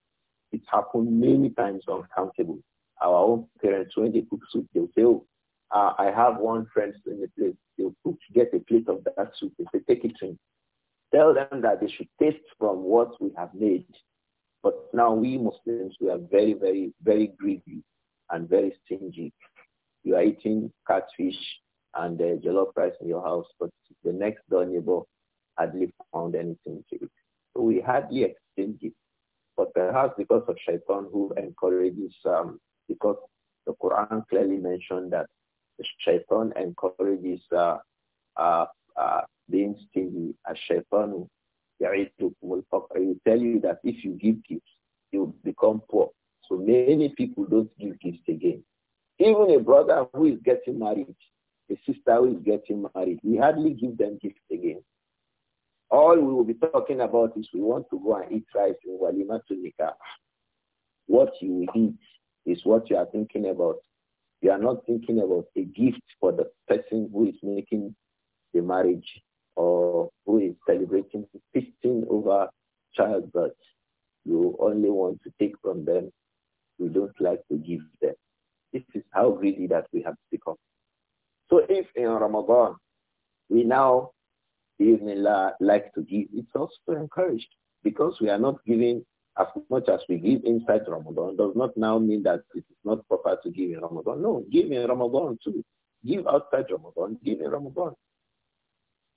it's happened many times uncountable. Our own parents, when they cook soup, they'll say, oh, uh, I have one friend in the place. They'll cook, get a plate of that soup. They take it to him. Tell them that they should taste from what we have made. But now we Muslims, we are very, very, very greedy and very stingy. You are eating catfish and uh, jollof rice in your house, but the next door neighbor hardly found anything to eat we hardly exchange it. But perhaps because of shaitan who encourages, um, because the Quran clearly mentioned that shaitan encourages uh, uh, uh, being stingy. As shaitan will tell you that if you give gifts, you become poor. So many people don't give gifts again. Even a brother who is getting married, a sister who is getting married, we hardly give them gifts again. All we will be talking about is we want to go and eat rice in Walima to Nikah. What you eat is what you are thinking about. You are not thinking about a gift for the person who is making the marriage or who is celebrating feasting over childbirth. You only want to take from them. We don't like to give them. This is how greedy that we have become. So if in Ramadan we now bi'idhnillah, like to give, it's also encouraged because we are not giving as much as we give inside Ramadan does not now mean that it is not proper to give in Ramadan. No, give in Ramadan too. Give outside Ramadan, give in Ramadan.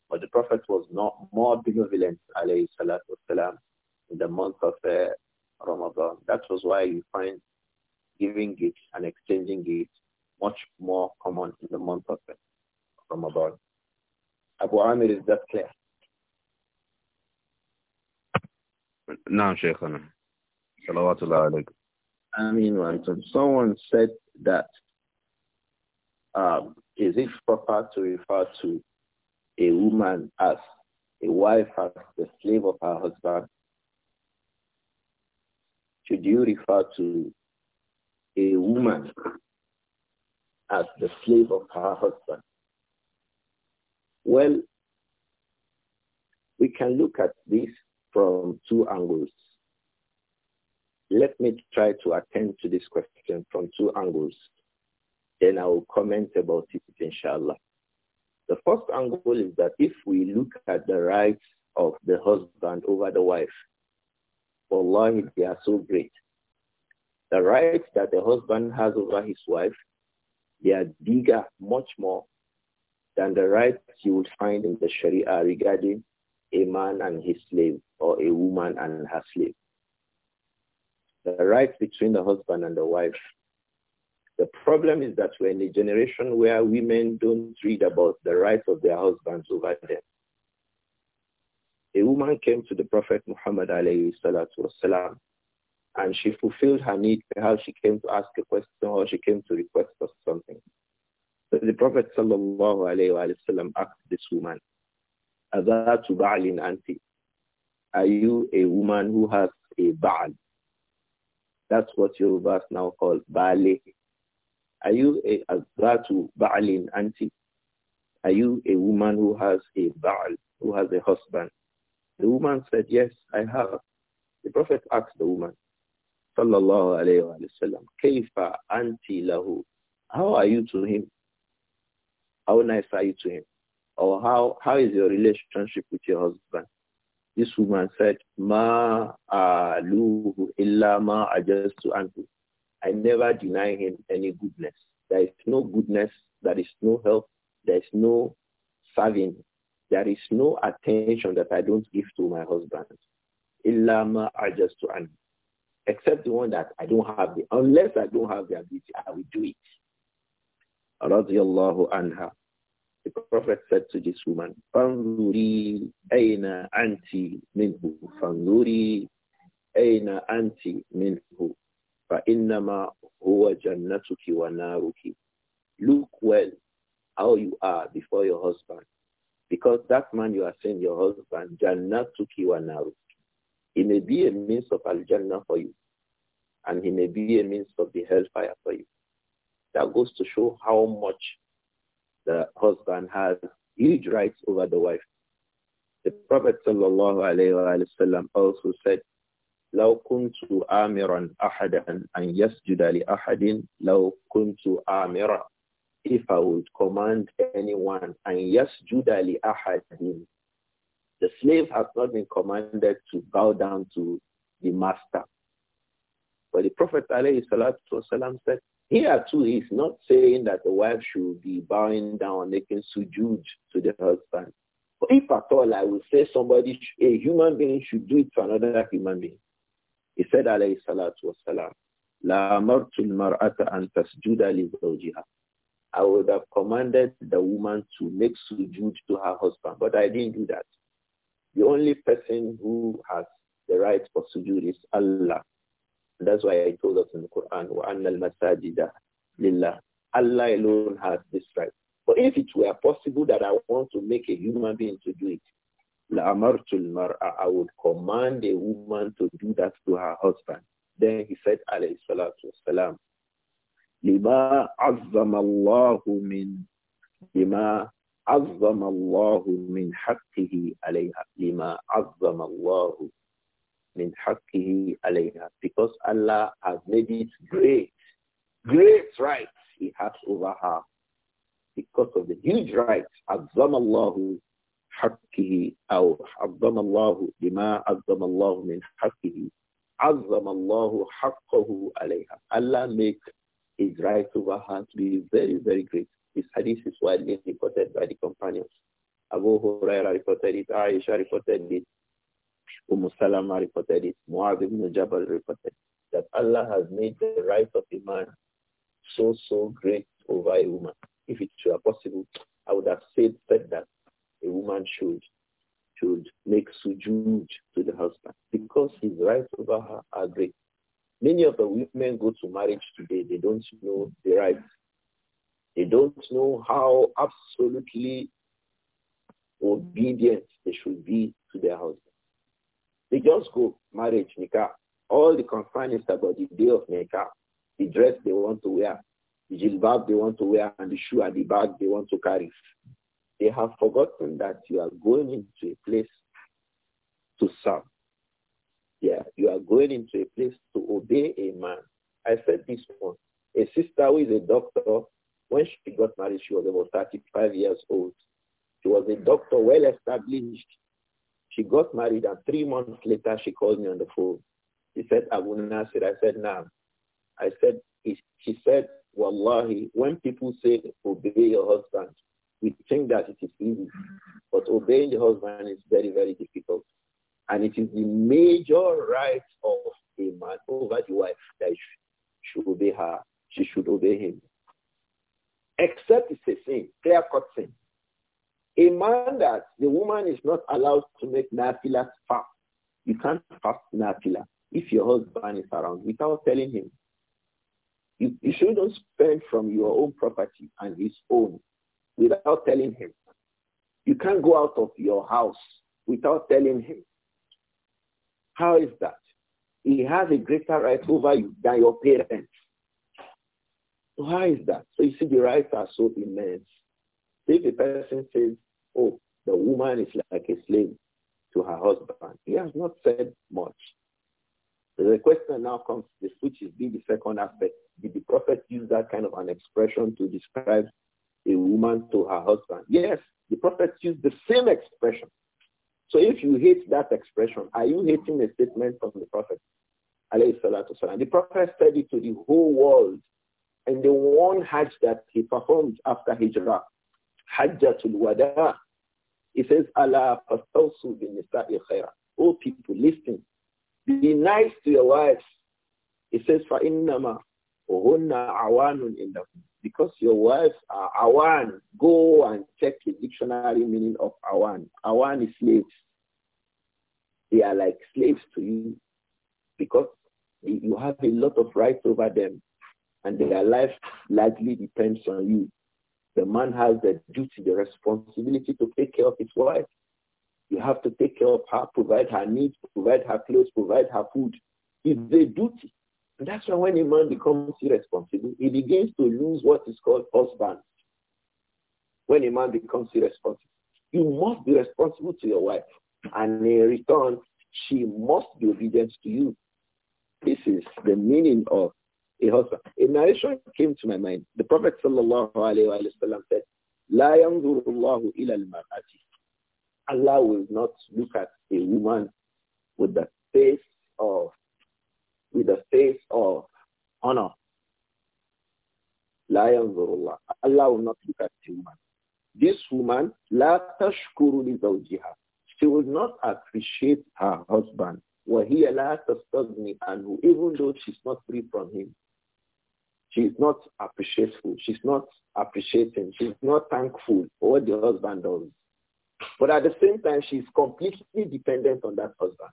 But the Prophet was not more benevolent, alayhi salatu wasalam, in the month of uh, Ramadan. That was why you find giving gifts and exchanging gifts much more common in the month of uh, Ramadan. Abu Amir, is that clear? نعم شيخنا صلوات الله عليك آمين someone said that um, is it proper to refer to a woman as a wife as the slave of her husband? Should you refer to a woman as the slave of her husband? Well, we can look at this from two angles. Let me try to attend to this question from two angles. Then I will comment about it, inshallah. The first angle is that if we look at the rights of the husband over the wife, wallahi, they are so great. The rights that the husband has over his wife, they are bigger, much more than the rights you would find in the Sharia regarding a man and his slave or a woman and her slave. The rights between the husband and the wife. The problem is that we're in a generation where women don't read about the rights of their husbands over them. A woman came to the Prophet Muhammad والسلام, and she fulfilled her need. Perhaps she came to ask a question or she came to request for something. So the Prophet sallallahu asked this woman, Azatu ba'lin anti. Are you a woman who has a ba'al? That's what Yorubas now call ba'ale. Are you a azatu ba'lin anti? Are you a woman who has a ba'al, who has a husband? The woman said, yes, I have. The Prophet asked the woman, sallallahu alayhi wa sallam, kayfa anti How are you to him? How nice are you to him? Or how, how is your relationship with your husband? This woman said, Ma aluhu illa ma ajastu anhu. I never deny him any goodness. There is no goodness, there is no help, there is no serving, there is no attention that I don't give to my husband. Illa ma ajastu anhu. Except the one that I don't have, the, unless I don't have the ability, I will do it radiallahu anha. The Prophet said to this woman, Fanzuri aina anti minhu. Fanzuri aina anti minhu. Fa innama huwa jannatuki wa naruki. Look well how you are before your husband. Because that man you are saying your husband, jannatuki wa naruki. He may be a means of al-jannah for you. And he may be a means of the hellfire for you. That goes to show how much the husband has huge rights over the wife. The Prophet وسلم, also said, لو كنت آمرا أحدا أن يسجد لأحد لو كنت آمرا If I would command anyone and يسجد لأحد The slave has not been commanded to bow down to the master. But the Prophet والسلام, said, here too, he's not saying that the wife should be bowing down, making sujood to the husband. But if at all, I would say somebody, a human being should do it to another human being. He said, alayhi salatu wasalam, la amartul mar'ata an tasjuda li zawjiha. I would have commanded the woman to make sujood to her husband, but I didn't do that. The only person who has the right for sujood is Allah that's why I told us in the Quran, وَأَنَّ الْمَسَاجِدَ لِلَّهِ Allah alone has this right. But if it were possible that I want to make a human being to do it, I would command a woman to do that to her husband. Then he said, alayhi salatu wasalam, لِمَا عَظَّمَ اللَّهُ مِنْ لِمَا عَظَّمَ اللَّهُ مِنْ حَقِّهِ عَلَيْهَا لِمَا عَظَّمَ min haqqihi alayna. Because Allah has made it great, great rights he has over her. Because of the huge rights, عظم الله حقه أو عظم الله بما عظم الله من حقه عظم الله حقه عليها. Allah make his rights over her to be very, very great. This hadith is widely reported by the companions. Abu Huraira reported it, Aisha reported it, Umm Salama reported it, ibn Jabal reported that Allah has made the right of a man so, so great over a woman. If it were possible, I would have said, said that a woman should should make sujood to the husband because his rights over her are great. Many of the women go to marriage today, they don't know the rights. They don't know how absolutely obedient they should be to their husband. They just go marriage, nikah. All the concern is about the day of nikah, the dress they want to wear, the jilbab they want to wear, and the shoe and the bag they want to carry. They have forgotten that you are going into a place to serve. Yeah, you are going into a place to obey a man. I said this one. A sister who is a doctor, when she got married, she was about 35 years old. She was a doctor, well established. She got married and three months later she called me on the phone. She said, Abu Nasir. I said, Naam. I said, she said, Wallahi, when people say obey your husband, we think that it is easy. But obeying the husband is very, very difficult. And it is the major right of a man over the wife that she should obey her. She should obey him. Except it's a sin, clear-cut sin. A man that the woman is not allowed to make nafila fast. You can't fast nafila if your husband is around without telling him. You, you shouldn't spend from your own property and his own without telling him. You can't go out of your house without telling him. How is that? He has a greater right over you than your parents. So how is that? So you see, the rights are so immense. If a person says, oh, the woman is like a slave to her husband, he has not said much. The question now comes, this, which is the second aspect. Did the prophet use that kind of an expression to describe a woman to her husband? Yes, the prophet used the same expression. So if you hate that expression, are you hating a statement from the prophet? The prophet said it to the whole world and the one hajj that he performed after hijrah. Hajjatul Wada. He says, Allah fastawsu bin nisa'i khaira. All oh, people, listen. Be nice to your wives. He says, فَإِنَّمَا هُنَّ عَوَانٌ إِنَّكُمْ Because your wives are awan. Go and check the dictionary meaning of awan. Awan is slaves. They are like slaves to you because you have a lot of rights over them and their life largely depends on you. The man has the duty, the responsibility to take care of his wife. You have to take care of her, provide her needs, provide her clothes, provide her food. It's a duty. And that's why when a man becomes irresponsible, he begins to lose what is called husband. When a man becomes irresponsible, you must be responsible to your wife. And in return, she must be obedient to you. This is the meaning of a husband. it came to my mind. The Prophet sallallahu alayhi wa sallam said, لا ينظر الله إلى المرأة. Allah will not look at a woman with the face of, with the face of honor. لا ينظر الله. Allah will not look at a woman. This woman, لا تشكر لزوجها. She will not appreciate her husband. وَهِيَ لَا تَسْتَغْنِي عَنْهُ Even though she's not free from him. She's not appreciative. She's not appreciating. She's not thankful for what the husband does. But at the same time, she's completely dependent on that husband.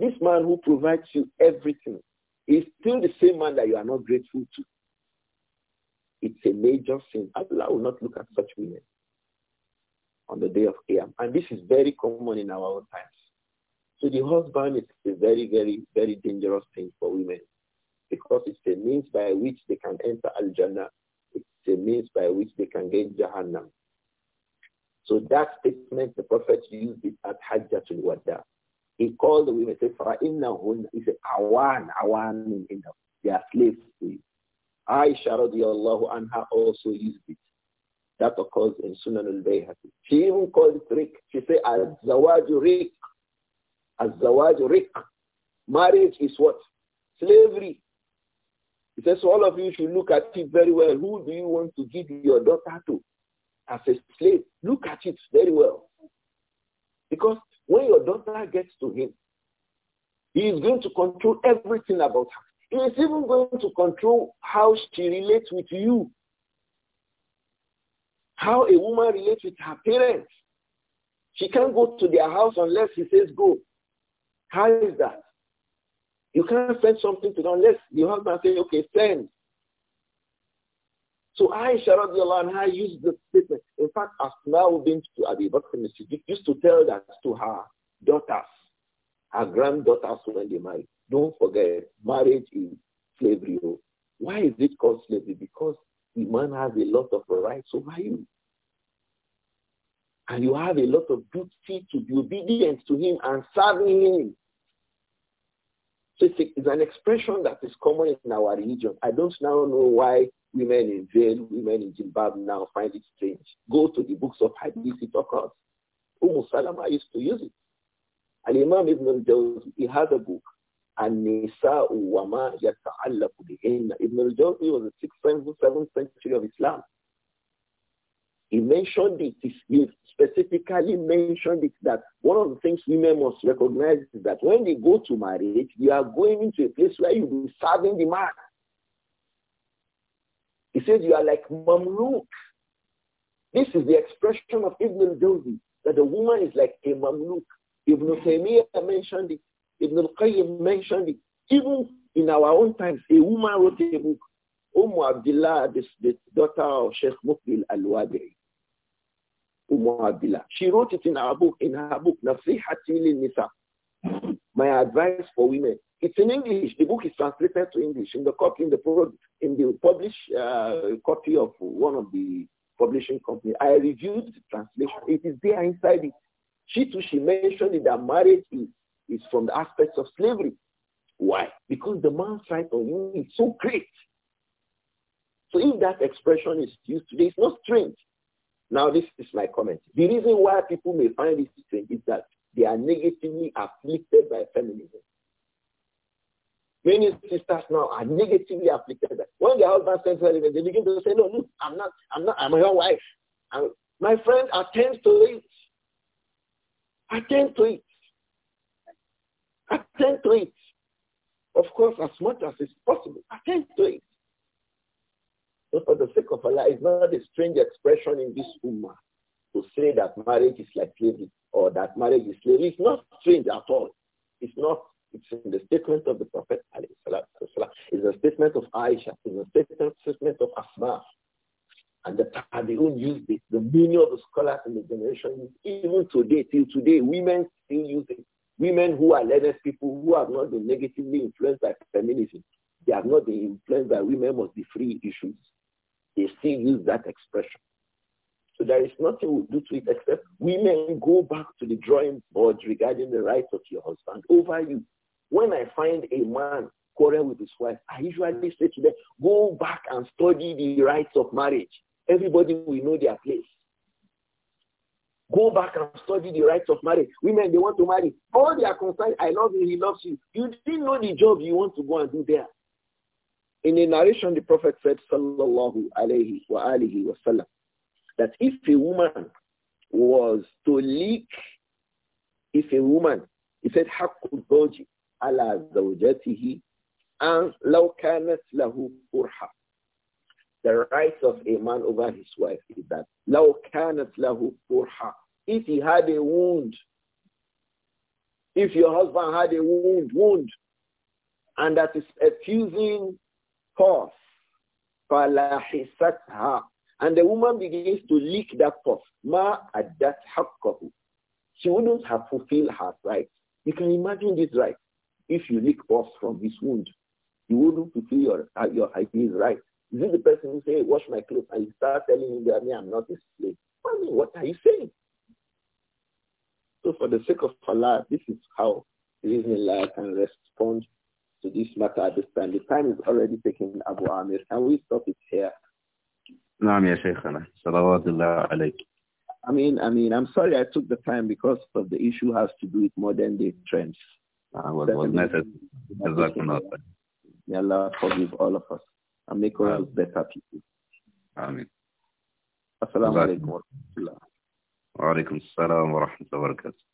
This man who provides you everything is still the same man that you are not grateful to. It's a major sin. Allah will not look at such women on the day of Qiyam. And this is very common in our own times. So the husband is a very, very, very dangerous thing for women because it's a means by which they can enter Al-Jannah. It's a means by which they can get Jahannam. So that statement the Prophet used it at Hajjatul Wada. He called the women, said, فَإِنَّهُنَّ He said, awan, awan in enough. They are slaves to you. Aisha radiallahu anha also used it. That occurs in Sunan al-Bayhaqi. She even called it rik. She said, al-zawaju rik. Al-zawaju rik. Marriage is what? Slavery. He says, so all of you should look at it very well. Who do you want to give your daughter to as a slave? Look at it very well. Because when your daughter gets to him, he is going to control everything about her. He is even going to control how she relates with you. How a woman relates with her parents. She can't go to their house unless he says go. How is that? You can't send something to them unless the husband says, okay, send. So Aisha radiallahu anha used the statement. In fact, Asma bint to Abi Bakr Siddiq used to tell that to her daughters, her granddaughters when they marry. Don't forget, marriage is slavery. Oh. Why is it called slavery? Because the man has a lot of rights over you. And you have a lot of duty to be obedient to him and serving him. So it's, it's an expression that is common in our religion. I don't now know why women in veil, women in Zimbabwe now find it strange. Go to the books of hadith, it occurs. Umm Salama used to use it. And Imam Ibn al-Jawzi, he had a book, An-Nisa'u wa ma yata'allaku bihinna. Ibn al he was the 6th, 7th century of Islam. He mentioned it, he specifically mentioned it that one of the things women must recognize is that when they go to marriage, you are going into a place where you will be serving the man. He says you are like mamluk. This is the expression of Ibn al-Jawzi, that the woman is like a mamluk. Ibn Taymiyyah mentioned it. Ibn al-Qayyim mentioned it. Even in our own times, a woman wrote a book, Umm Abdullah, the daughter of Sheikh Mukbil al-Wadi. She wrote it in her book, in her book, Nasihati Nisa. My advice for women. It's in English. The book is translated to English in the copy, in the, in the published uh, copy of one of the publishing company. I reviewed the translation. It is there inside it. She too, she mentioned that marriage is, is from the aspects of slavery. Why? Because the man's right on you is so great. So if that expression is used today, it's not strange. Now, this is my comment. The reason why people may find this strange is that they are negatively afflicted by feminism. Many sisters now are negatively afflicted. By, when their husband sends her, they begin to say, no, look, I'm not, I'm not, I'm your wife. my friend, attends to it. Attend to it. Attend to it. Of course, as much as is possible, attend to it. So for the sake of Allah, it's not a strange expression in this ummah to say that marriage is like slavery or that marriage is slavery. It's not strange at all. It's not. It's in the statement of the Prophet It's a statement of Aisha. It's a statement, statement of Asma. And the Tabi'un used it. The many of the scholars in the generation, even today, till today, women still use it. Women who are learned people who have not been negatively influenced by feminism, they have not been influenced by women must be free issues. They still use that expression. So there is nothing we do to it except women go back to the drawing board regarding the rights of your husband over you. When I find a man quarrel with his wife, I usually say to them, go back and study the rights of marriage. Everybody will know their place. Go back and study the rights of marriage. Women, they want to marry. All they are concerned, I love you, he loves you. You didn't know the job you want to go and do there. In a narration, the Prophet said, sallallahu alayhi wa alihi wa sallam, that if a woman was to leak, if a woman, he said, حَقُّ الزَّوْجِ عَلَى زَوْجَتِهِ أَنْ لَوْ كَانَتْ لَهُ قُرْحَةً The right of a man over his wife is that لَوْ كَانَتْ لَهُ قُرْحَةً If he had a wound, if your husband had a wound, wound, and that is effusing pus. فَلَحِسَتْهَا And the woman begins to lick that pus. Ma adat حَقَّهُ She wouldn't have fulfilled her rights. You can imagine this right. If you lick pus from his wound, you wouldn't fulfill your, uh, your his right. Is it the person who say, wash my clothes, and you start telling him that me, I'm not his slave? I mean, what are you saying? So for the sake of Allah, this is how life can respond to this matter at this time. The time is already taken, Abu Amir, and we stop it here. نعم يا شيخنا صلوات الله عليك I mean, I mean, I'm sorry I took the time because of the issue has to do with modern day trends. Ah, well, well, necessary. May Allah forgive all of us and make us better people. Amen. Assalamu alaikum wa rahmatullah. Wa alaikum assalam wa rahmatullahi wa barakatuh.